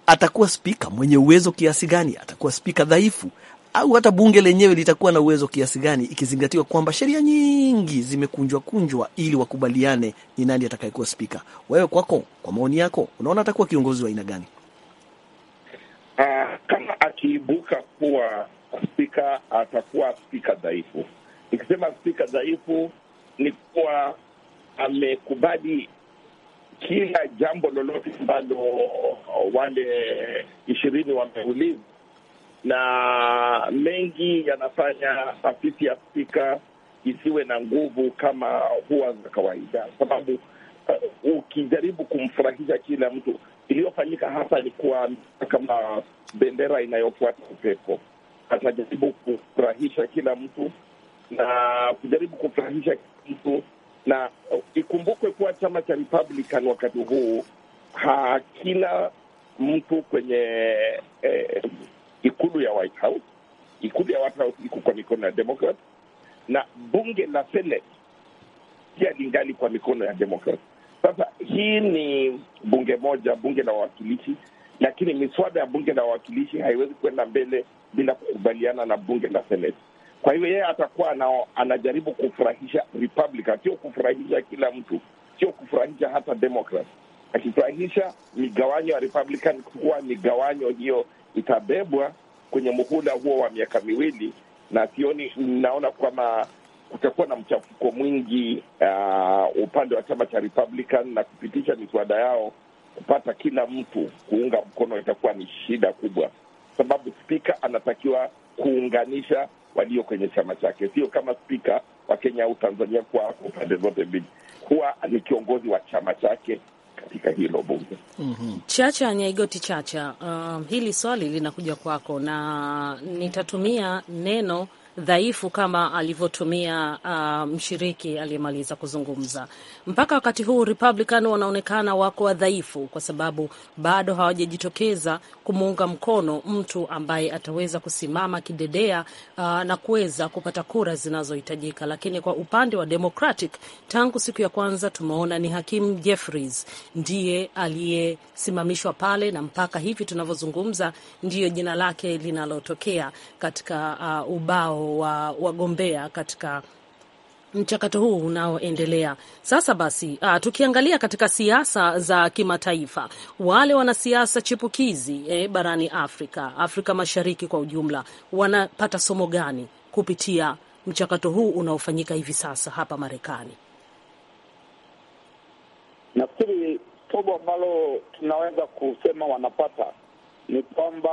atakuwa spika mwenye uwezo kiasi gani? Atakuwa spika dhaifu au hata bunge lenyewe litakuwa na uwezo kiasi gani, ikizingatiwa kwamba sheria nyingi zimekunjwa kunjwa ili wakubaliane ni nani atakayekuwa spika. Wewe kwako, kwa maoni yako, unaona atakuwa kiongozi wa aina gani? Uh, kama akiibuka kuwa spika atakuwa spika dhaifu. Nikisema spika dhaifu ni kuwa amekubali kila jambo lolote ambalo wale ishirini wameuliza, na mengi yanafanya afisi ya spika isiwe na nguvu kama huwa za kawaida, sababu uh, ukijaribu kumfurahisha kila mtu, iliyofanyika hapa ni kuwa kama bendera inayofuata upepo atajaribu kufurahisha kila mtu na kujaribu kufurahisha kila mtu, na ikumbukwe kuwa chama cha Republican wakati huu hakina mtu kwenye eh, ikulu ya White House. Ikulu ya White House iko kwa mikono ya Democrat na bunge la Senate pia lingali kwa mikono ya Democrat. Sasa hii ni bunge moja, bunge la wawakilishi lakini miswada ya bunge la wawakilishi haiwezi kwenda mbele bila kukubaliana na bunge la seneti. Kwa hivyo yeye atakuwa anajaribu kufurahisha Republican, sio kufurahisha kila mtu, sio kufurahisha hata Democrat, akifurahisha migawanyo ya Republican kuwa migawanyo hiyo itabebwa kwenye muhula huo wa miaka miwili, na sioni, naona kwamba kutakuwa na mchafuko mwingi uh, upande wa chama cha Republican na kupitisha miswada yao kupata kila mtu kuunga mkono itakuwa ni shida kubwa, sababu spika anatakiwa kuunganisha walio kwenye chama chake, sio kama spika wa Kenya au Tanzania kuwa upande zote mbili, huwa ni kiongozi wa chama chake katika hilo bunge. mm -hmm. Chacha Nyaigoti Chacha, uh, hili swali linakuja kwako na nitatumia neno dhaifu kama alivyotumia uh, mshiriki aliyemaliza kuzungumza. Mpaka wakati huu Republican wanaonekana wako wadhaifu, kwa sababu bado hawajajitokeza kumuunga mkono mtu ambaye ataweza kusimama kidedea uh, na kuweza kupata kura zinazohitajika. Lakini kwa upande wa Democratic, tangu siku ya kwanza tumeona ni Hakim Jeffries ndiye aliyesimamishwa pale, na mpaka hivi tunavyozungumza ndiyo jina lake linalotokea katika uh, ubao wa wagombea katika mchakato huu unaoendelea sasa. Basi uh, tukiangalia katika siasa za kimataifa, wale wanasiasa chipukizi eh, barani Afrika, Afrika Mashariki kwa ujumla, wanapata somo gani kupitia mchakato huu unaofanyika hivi sasa hapa Marekani? Nafikiri somo ambalo tunaweza kusema wanapata ni kwamba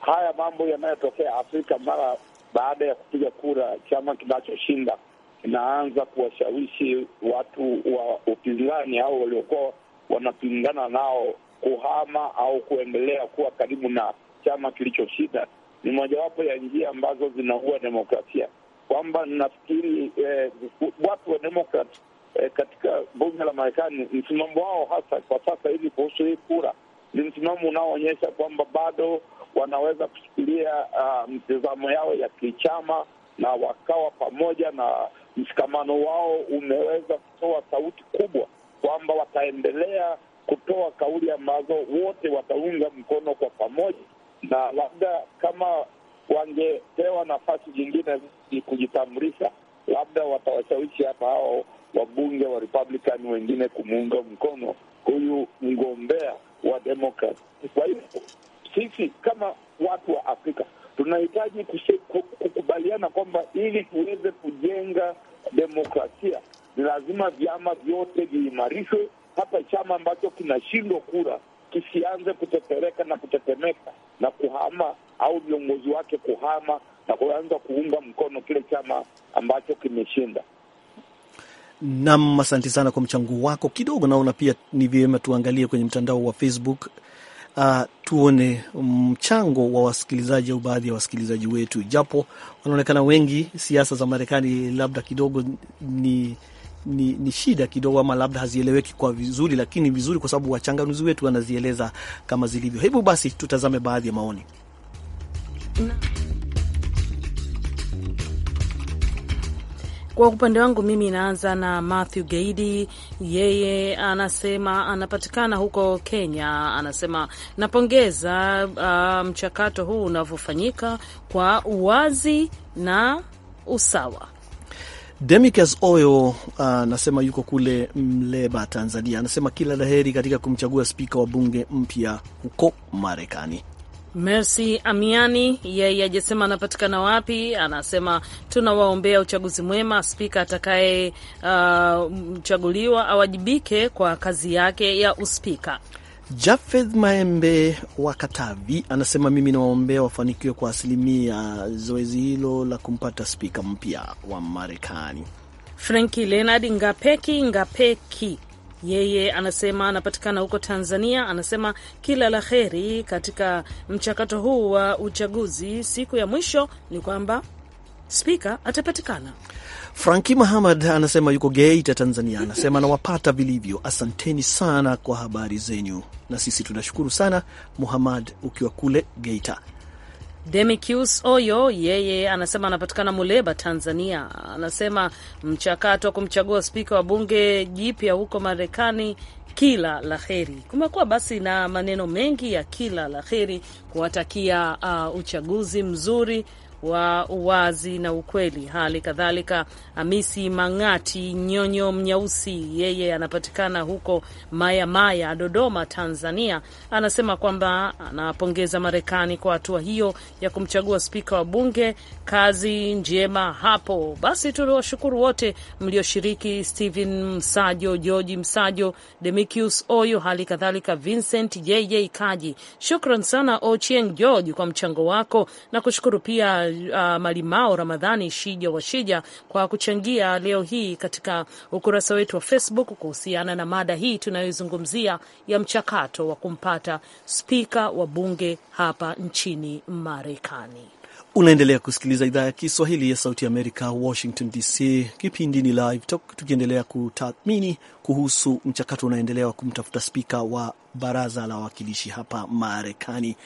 haya mambo yanayotokea Afrika mara baada ya kupiga kura, chama kinachoshinda kinaanza kuwashawishi watu wa upinzani au waliokuwa wanapingana nao kuhama au kuendelea kuwa karibu na chama kilichoshinda. Ni mojawapo ya njia ambazo zinaua demokrasia, kwamba nafikiri eh, watu wa demokrat eh, katika bunge la Marekani, msimamo wao hasa kwa sasa hivi kuhusu hii kura ni msimamo unaoonyesha kwamba bado wanaweza kushikilia uh, mtizamo yao ya kichama na wakawa pamoja, na mshikamano wao umeweza kutoa sauti kubwa kwamba wataendelea kutoa kauli ambazo wote wataunga mkono kwa pamoja, na labda kama wangepewa nafasi nyingine kujitambulisha, labda watawashawishi hata hao wabunge wa Republican wengine kumuunga mkono huyu mgombea wa Democrat. Kwa hivyo sisi kama watu wa Afrika tunahitaji kukubaliana kwamba ili tuweze kujenga demokrasia ni lazima vyama vyote viimarishwe. Hata chama ambacho kinashindwa kura kisianze kutetereka na kutetemeka na kuhama au viongozi wake kuhama na kuanza kuunga mkono kile chama ambacho kimeshinda. Nam, asante sana kwa mchango wako. Kidogo naona pia ni vyema tuangalie kwenye mtandao wa Facebook uh, tuone mchango wa wasikilizaji au baadhi ya wasikilizaji wetu, japo wanaonekana wengi, siasa za Marekani labda kidogo ni ni, ni shida kidogo ama labda hazieleweki kwa vizuri, lakini vizuri kwa sababu wachanganuzi wetu wanazieleza kama zilivyo. Hebu basi tutazame baadhi ya maoni no. Kwa upande wangu mimi naanza na matthew Gaidi, yeye anasema anapatikana huko Kenya. Anasema napongeza uh, mchakato huu unavyofanyika kwa uwazi na usawa. Demicas Oyo uh, anasema uh, yuko kule Mleba, Tanzania. Anasema kila laheri katika kumchagua spika wa bunge mpya huko Marekani. Mercy Amiani yeye ajasema anapatikana wapi. Anasema tunawaombea uchaguzi mwema, spika atakayechaguliwa uh, awajibike kwa kazi yake ya uspika. Jafeth Maembe wa Katavi anasema mimi nawaombea wafanikiwe kwa asilimia zoezi hilo la kumpata spika mpya wa Marekani. Franki Lenard Ngapeki Ngapeki yeye anasema anapatikana huko Tanzania. Anasema kila la heri katika mchakato huu wa uchaguzi. Siku ya mwisho ni kwamba spika atapatikana. Franki Mahamad anasema yuko Geita, Tanzania. Anasema anawapata vilivyo. Asanteni sana kwa habari zenyu, na sisi tunashukuru sana. Muhamad, ukiwa kule Geita. Demikius Oyo yeye anasema anapatikana Muleba, Tanzania. Anasema mchakato wa kumchagua spika wa bunge jipya huko Marekani kila la heri. Kumekuwa basi na maneno mengi ya kila la heri kuwatakia uh, uchaguzi mzuri wa uwazi na ukweli. Hali kadhalika Hamisi Mang'ati Nyonyo Mnyausi, yeye anapatikana huko Mayamaya, Dodoma, Tanzania, anasema kwamba anapongeza Marekani kwa hatua hiyo ya kumchagua spika wa bunge. Kazi njema hapo. Basi tuliwashukuru wote mlioshiriki, Stephen Msajo, George Msajo, Demikius Oyo, hali kadhalika Vincent JJ Kaji. Shukran sana Ochieng George kwa mchango wako na kushukuru pia uh, Malimao Ramadhani Shija wa Shija kwa kuchangia leo hii katika ukurasa wetu wa Facebook kuhusiana na mada hii tunayoizungumzia ya mchakato wa kumpata spika wa bunge hapa nchini Marekani. Unaendelea kusikiliza idhaa ya Kiswahili ya Sauti Amerika, Washington DC. Kipindi ni Live Talk, tukiendelea kutathmini kuhusu mchakato unaendelea wa kumtafuta spika wa baraza la wawakilishi hapa Marekani,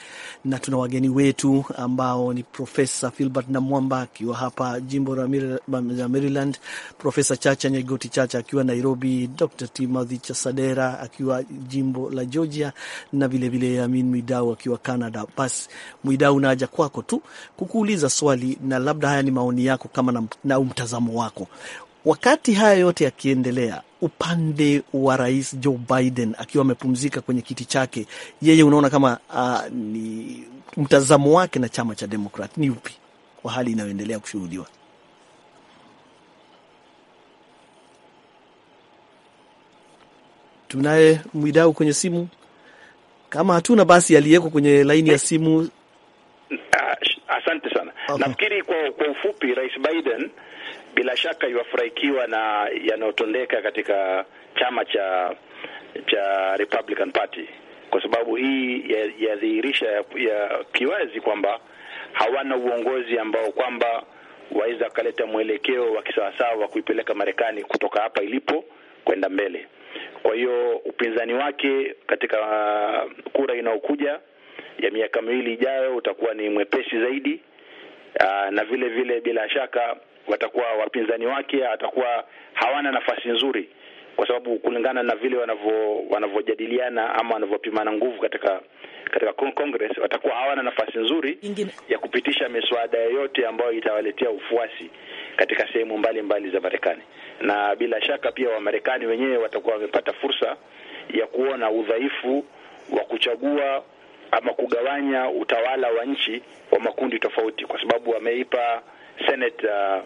na tuna wageni wetu ambao ni Profesa Filbert Namwamba akiwa hapa jimbo la Maryland, Profesa Chacha Nyegoti Chacha akiwa Nairobi, Dr Timothy Chasadera akiwa jimbo la Georgia na vilevile Amin Mwidau akiwa Canada. Basi Mwidau, naaja kwako tu kuku kuuliza swali, na labda haya ni maoni yako kama na, na mtazamo wako. Wakati haya yote yakiendelea, upande wa Rais Joe Biden akiwa amepumzika kwenye kiti chake, yeye unaona kama uh, ni mtazamo wake na chama cha Demokrat ni upi kwa hali inayoendelea kushuhudiwa? Tunaye mwidau kwenye simu? Kama hatuna basi, aliyeko kwenye laini ya simu. Ah, Asante sana. Okay. Nafikiri kwa, kwa ufupi Rais Biden bila shaka yuafurahikiwa na yanayotendeka katika chama cha cha Republican Party kwa sababu hii yadhihirisha ya, ya kiwazi kwamba hawana uongozi ambao kwamba waweza wakaleta mwelekeo wa kisawasawa wa kuipeleka Marekani kutoka hapa ilipo kwenda mbele. Kwa hiyo upinzani wake katika uh, kura inayokuja ya miaka miwili ijayo utakuwa ni mwepesi zaidi. Aa, ah, na vile vile bila shaka watakuwa wapinzani wake atakuwa hawana nafasi nzuri, kwa sababu kulingana na vile wanavyo wanavyojadiliana ama wanavyopimana nguvu katika katika Congress, watakuwa hawana nafasi nzuri Ingine. ya kupitisha miswada yoyote ambayo itawaletea ufuasi katika sehemu mbalimbali za Marekani, na bila shaka pia Wamarekani wenyewe watakuwa wamepata fursa ya kuona udhaifu wa kuchagua ama kugawanya utawala wa nchi kwa makundi tofauti, kwa sababu wameipa Senate uh,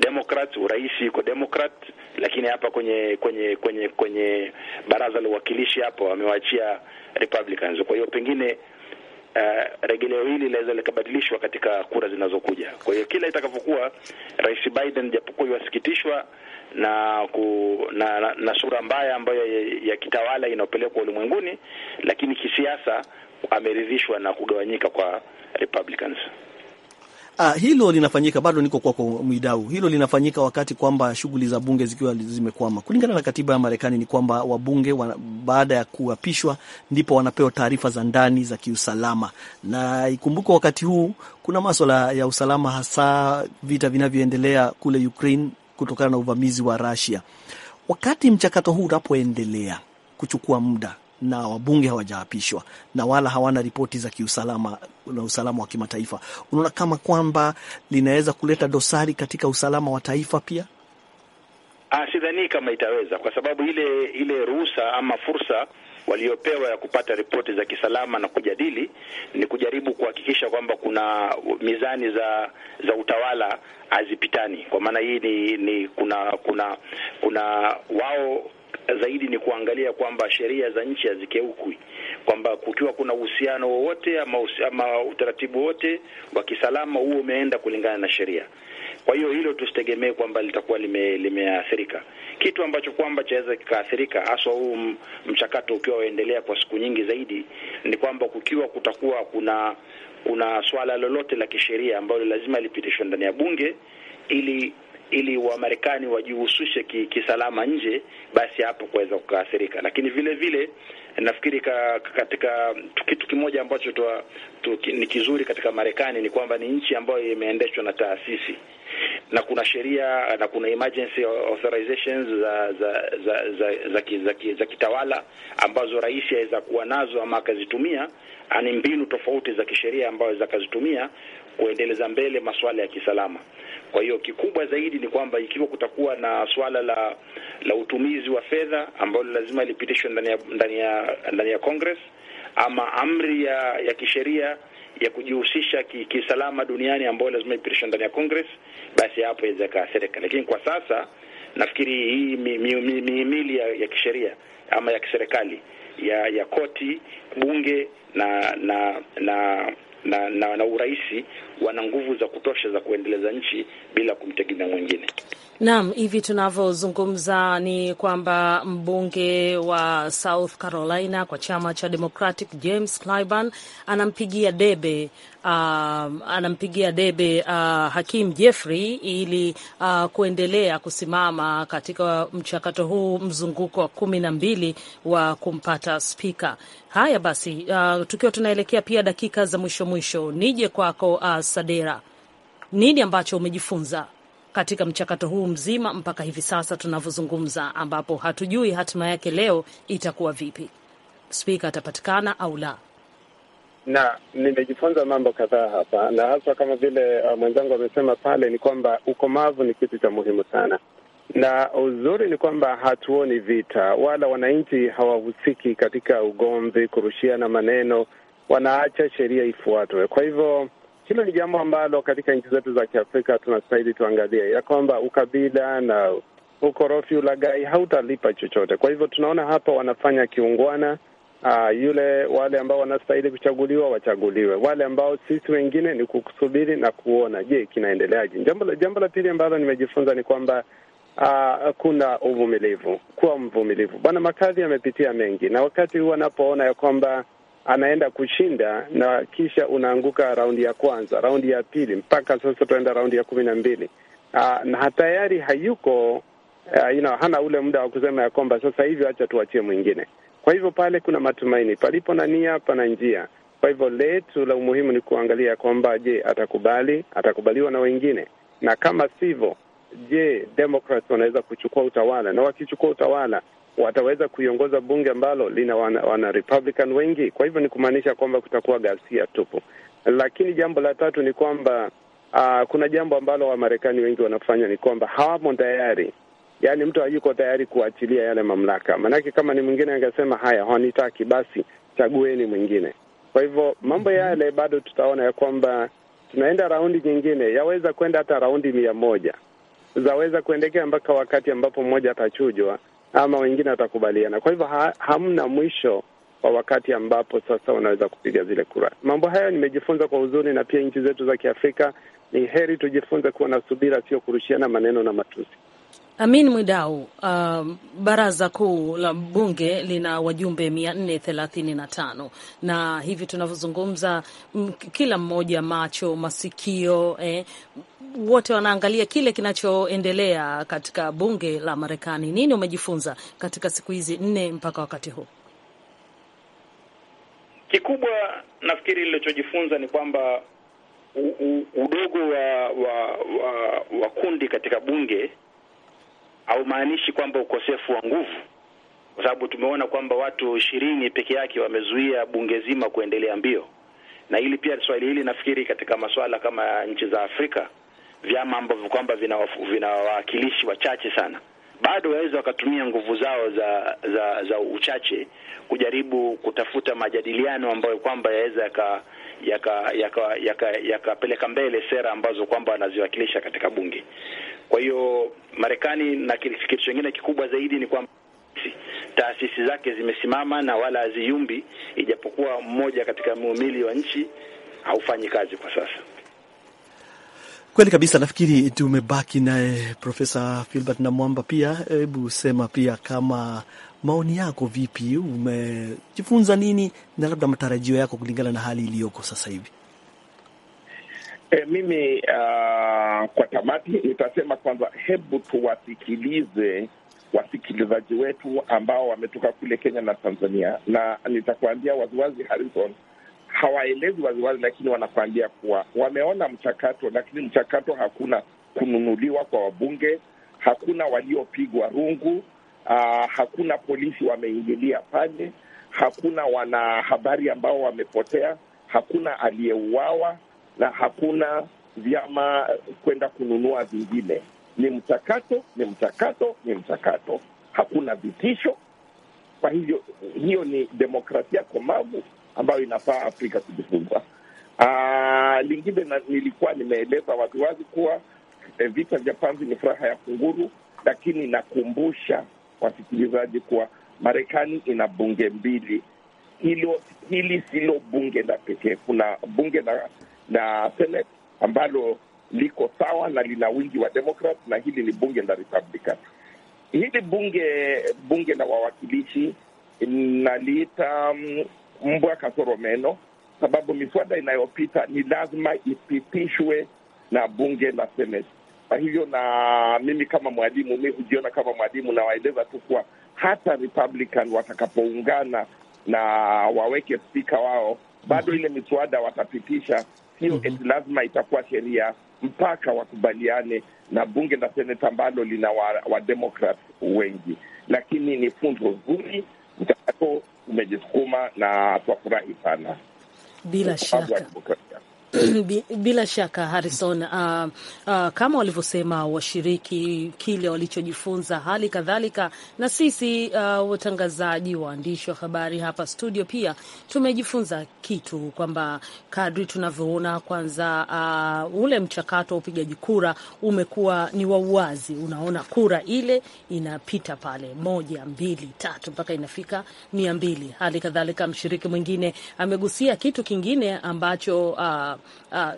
Democrat urais kwa Democrat, lakini hapa kwenye kwenye kwenye kwenye baraza la uwakilishi hapo wamewaachia Republicans. Kwa hiyo pengine uh, regeleo hili linaweza likabadilishwa katika kura zinazokuja. Kwa hiyo kila itakavyokuwa, Rais Biden japokuwa yasikitishwa na, ku, na, na na sura mbaya ambayo ya, ya kitawala inayopelekwa ulimwenguni, lakini kisiasa ameridhishwa na kugawanyika kwa Republicans. Ah, hilo linafanyika bado, niko kwako Mwidau. Hilo linafanyika wakati kwamba shughuli za bunge zikiwa zimekwama. Kulingana na katiba ya Marekani ni kwamba wabunge wana, baada ya kuapishwa ndipo wanapewa taarifa za ndani za kiusalama, na ikumbukwa wakati huu kuna maswala ya usalama, hasa vita vinavyoendelea kule Ukraine kutokana na uvamizi wa Russia. Wakati mchakato huu unapoendelea kuchukua muda na wabunge hawajaapishwa na wala hawana ripoti za kiusalama na usalama wa kimataifa. Unaona kama kwamba linaweza kuleta dosari katika usalama wa taifa pia? Ah, sidhani kama itaweza, kwa sababu ile ile ruhusa ama fursa waliopewa ya kupata ripoti za kisalama na kujadili ni kujaribu kuhakikisha kwamba kuna mizani za za utawala hazipitani. Kwa maana hii ni, ni kuna kuna kuna wao zaidi ni kuangalia kwamba sheria za nchi hazikeukwi, kwamba kukiwa kuna uhusiano wowote ama, ama utaratibu wote wa kisalama huo umeenda kulingana na sheria. Kwa hiyo hilo tusitegemee kwamba litakuwa lime, limeathirika kitu ambacho kwamba chaweza kikaathirika haswa huu mchakato ukiwa waendelea kwa siku nyingi zaidi, ni kwamba kukiwa kutakuwa kuna kuna swala lolote la kisheria ambalo lazima lipitishwe ndani ya bunge ili ili Wamarekani wajihusishe kisalama ki nje, basi hapo kuweza kukaathirika. Lakini vile vile nafikiri ka, katika kitu kimoja ambacho tuwa, tu, ni kizuri katika Marekani ni kwamba ni nchi ambayo imeendeshwa na taasisi na kuna sheria na kuna emergency authorizations za za za za, za, za, za kitawala ambazo rais aweza kuwa nazo ama akazitumia, ani mbinu tofauti za kisheria ambazo akazitumia kuendeleza mbele masuala ya kisalama. Kwa hiyo kikubwa zaidi ni kwamba ikiwa kutakuwa na swala la la utumizi wa fedha ambalo lazima lipitishwe ndani ya ndani ya ndani ya Congress ama amri ya ya kisheria ya kujihusisha kisalama ki duniani ambayo lazima ipitishwe ndani ya Congress, basi hapo inaweza ikaathirika. Lakini kwa sasa nafikiri hii mihimili mi, mi, mi, ya, ya kisheria ama ya kiserikali ya ya koti, bunge na na na na, na, na urahisi, wana nguvu za kutosha za kuendeleza nchi bila kumtegemea mwingine. Naam, hivi tunavyozungumza ni kwamba mbunge wa South Carolina kwa chama cha Democratic James Clyburn anampigia debe uh, anampigia debe uh, Hakim Jeffrey ili uh, kuendelea kusimama katika mchakato huu mzunguko wa kumi na mbili wa kumpata spika. Haya basi, uh, tukiwa tunaelekea pia dakika za mwisho mwisho, nije kwako uh, Sadera, nini ambacho umejifunza katika mchakato huu mzima mpaka hivi sasa tunavyozungumza, ambapo hatujui hatima yake leo itakuwa vipi, spika atapatikana au la? na nimejifunza mambo kadhaa hapa, na hasa kama vile uh, mwenzangu amesema pale, ni kwamba ukomavu ni kitu cha muhimu sana, na uzuri ni kwamba hatuoni vita wala wananchi hawahusiki katika ugomvi, kurushiana maneno, wanaacha sheria ifuatwe. Kwa hivyo hilo ni jambo ambalo katika nchi zetu za Kiafrika tunastahili tuangalie, ya kwamba ukabila na ukorofi, ulagai hautalipa chochote. Kwa hivyo tunaona hapa wanafanya kiungwana aa, ah, yule wale ambao wanastahili kuchaguliwa wachaguliwe, wale ambao sisi wengine ni kukusubiri na kuona, je, kinaendeleaje? Jambo, jambo la pili ambalo nimejifunza ni kwamba Uh, ah, kuna uvumilivu, kuwa mvumilivu. Bwana Makadhi amepitia mengi, na wakati huu anapoona ya kwamba anaenda kushinda na kisha unaanguka raundi ya kwanza, raundi ya pili, mpaka sasa tunaenda raundi ya kumi na mbili, uh, na tayari hayuko uh, you know, hana ule muda wa kusema ya kwamba sasa hivi hacha tuachie mwingine. Kwa hivyo pale kuna matumaini, palipo na nia pana njia. Kwa hivyo letu la umuhimu ni kuangalia kwamba, je, atakubali? Atakubaliwa na wengine? Na kama sivyo, je, Democrats wanaweza kuchukua utawala? Na wakichukua utawala wataweza kuiongoza bunge ambalo lina wana, wana Republican wengi. Kwa hivyo ni kumaanisha kwamba kutakuwa ghasia tupu. Lakini jambo la tatu ni kwamba uh, kuna jambo ambalo Wamarekani wengi wanafanya ni kwamba hawamo tayari yani mtu hayuko tayari kuachilia yale mamlaka, maanake kama ni mwingine angesema haya, hawanitaki basi chagueni mwingine. Kwa hivyo mambo mhm. yale bado tutaona ya kwamba tunaenda raundi nyingine, yaweza kwenda hata raundi mia moja, zaweza kuendekea mpaka wakati ambapo mmoja atachujwa ama wengine watakubaliana. Kwa hivyo ha, hamna mwisho wa wakati ambapo sasa unaweza kupiga zile kura. Mambo hayo nimejifunza kwa uzuri, na pia nchi zetu za Kiafrika ni heri tujifunze kuwa na subira, sio kurushiana maneno na matusi. Amin Mwidau, uh, baraza kuu la bunge lina wajumbe 435 na hivi tunavyozungumza, kila mmoja macho, masikio eh, wote wanaangalia kile kinachoendelea katika bunge la Marekani. Nini umejifunza katika siku hizi nne mpaka wakati huu? Kikubwa nafikiri nilichojifunza ni kwamba u, u, udogo wa, wa, wa, wa kundi katika bunge haumaanishi kwamba ukosefu wa nguvu, kwa sababu tumeona kwamba watu ishirini peke yake wamezuia bunge zima kuendelea mbio. Na hili pia swali hili nafikiri katika masuala kama nchi za Afrika, vyama ambavyo kwamba vina wawakilishi wachache sana bado waweza wakatumia nguvu zao za za za uchache kujaribu kutafuta majadiliano ambayo kwamba yaweza yakapeleka yaka, yaka, yaka mbele sera ambazo kwamba wanaziwakilisha katika bunge. Kwa hiyo Marekani, na kitu kingine kikubwa zaidi ni kwamba taasisi zake zimesimama na wala haziyumbi, ijapokuwa mmoja katika muumili wa nchi haufanyi kazi kwa sasa. Kweli kabisa, nafikiri tumebaki naye Profesa Filbert na Mwamba. Pia hebu sema pia kama maoni yako, vipi, umejifunza nini na labda matarajio yako kulingana na hali iliyoko sasa hivi? E, mimi uh, kwa tamati nitasema kwanza, hebu tuwasikilize wasikilizaji wetu ambao wametoka kule Kenya na Tanzania, na nitakuambia waziwazi Harrison, hawaelezi waziwazi, lakini wanakuambia kuwa wameona mchakato, lakini mchakato hakuna kununuliwa kwa wabunge, hakuna waliopigwa rungu, uh, hakuna polisi wameingilia pale, hakuna wanahabari ambao wamepotea, hakuna aliyeuawa na hakuna vyama kwenda kununua vingine. Ni mchakato, ni mchakato, ni mchakato, hakuna vitisho. Kwa hivyo hiyo ni demokrasia komavu ambayo inafaa Afrika kujifunza. Ah, lingine na, nilikuwa nimeeleza waziwazi kuwa eh, vita vya panzi ni furaha ya kunguru, lakini nakumbusha wasikilizaji kuwa Marekani ina bunge mbili. Hilo hili silo bunge la pekee, kuna bunge la la Senate ambalo liko sawa na lina wingi wa Democrat, na hili ni bunge la Republican. Hili bunge bunge la wawakilishi naliita mm, mbwa kasoro meno, sababu miswada inayopita ni lazima ipitishwe na bunge la Senate. Kwa hivyo, na mimi kama mwalimu, mi hujiona kama mwalimu, nawaeleza tu kuwa hata Republican watakapoungana na waweke spika wao, bado mhm. ile miswada watapitisha Mhm. sio eti lazima itakuwa sheria mpaka wakubaliane na bunge na seneta ambalo lina wademokrat wa wengi, lakini ni funzo zuri. Mchakato umejisukuma na twafurahi sana bila shaka. [clears throat] Bila shaka Harrison, uh, uh, kama walivyosema washiriki kile walichojifunza, hali kadhalika na sisi uh, watangazaji, waandishi wa habari hapa studio pia tumejifunza kitu kwamba kadri tunavyoona kwanza, uh, ule mchakato wa upigaji kura umekuwa ni wa uwazi. Unaona kura ile inapita pale moja, mbili, tatu mpaka inafika mia mbili. Hali kadhalika mshiriki mwingine amegusia kitu kingine ambacho uh, uh,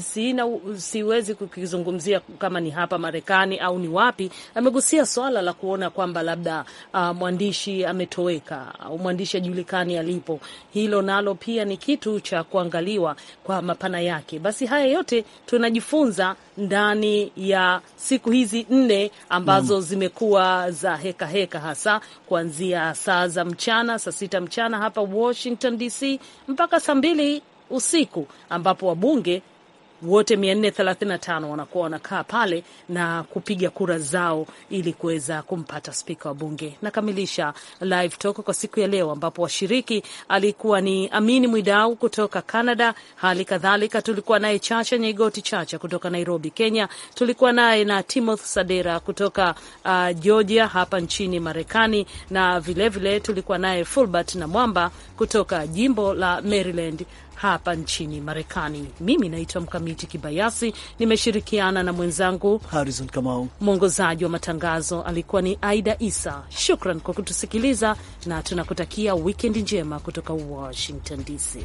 sina, siwezi kukizungumzia kama ni hapa Marekani au ni wapi. Amegusia swala la kuona kwamba labda uh, mwandishi ametoweka au mwandishi ajulikani alipo. Hilo nalo pia ni kitu cha kuangaliwa kwa mapana yake. Basi haya yote tunajifunza ndani ya siku hizi nne ambazo mm, zimekuwa za heka heka, hasa kuanzia saa za mchana, saa sita mchana hapa Washington DC mpaka saa mbili usiku ambapo wabunge wote 435 wanakuwa wanakaa pale na kupiga kura zao ili kuweza kumpata spika wa bunge. Nakamilisha live talk kwa siku ya leo, ambapo washiriki alikuwa ni Amini Mwidau kutoka Canada, hali kadhalika tulikuwa naye Chacha nyegoti Chacha kutoka Nairobi, Kenya, tulikuwa naye na Timothy Sadera kutoka uh, Georgia hapa nchini Marekani, na vilevile vile tulikuwa naye Fulbert na Mwamba kutoka jimbo la Maryland hapa nchini Marekani. Mimi naitwa Mkamiti Kibayasi, nimeshirikiana na mwenzangu Harrison Kamau. Mwongozaji wa matangazo alikuwa ni Aida Isa. Shukran kwa kutusikiliza na tunakutakia wikendi njema kutoka Washington DC.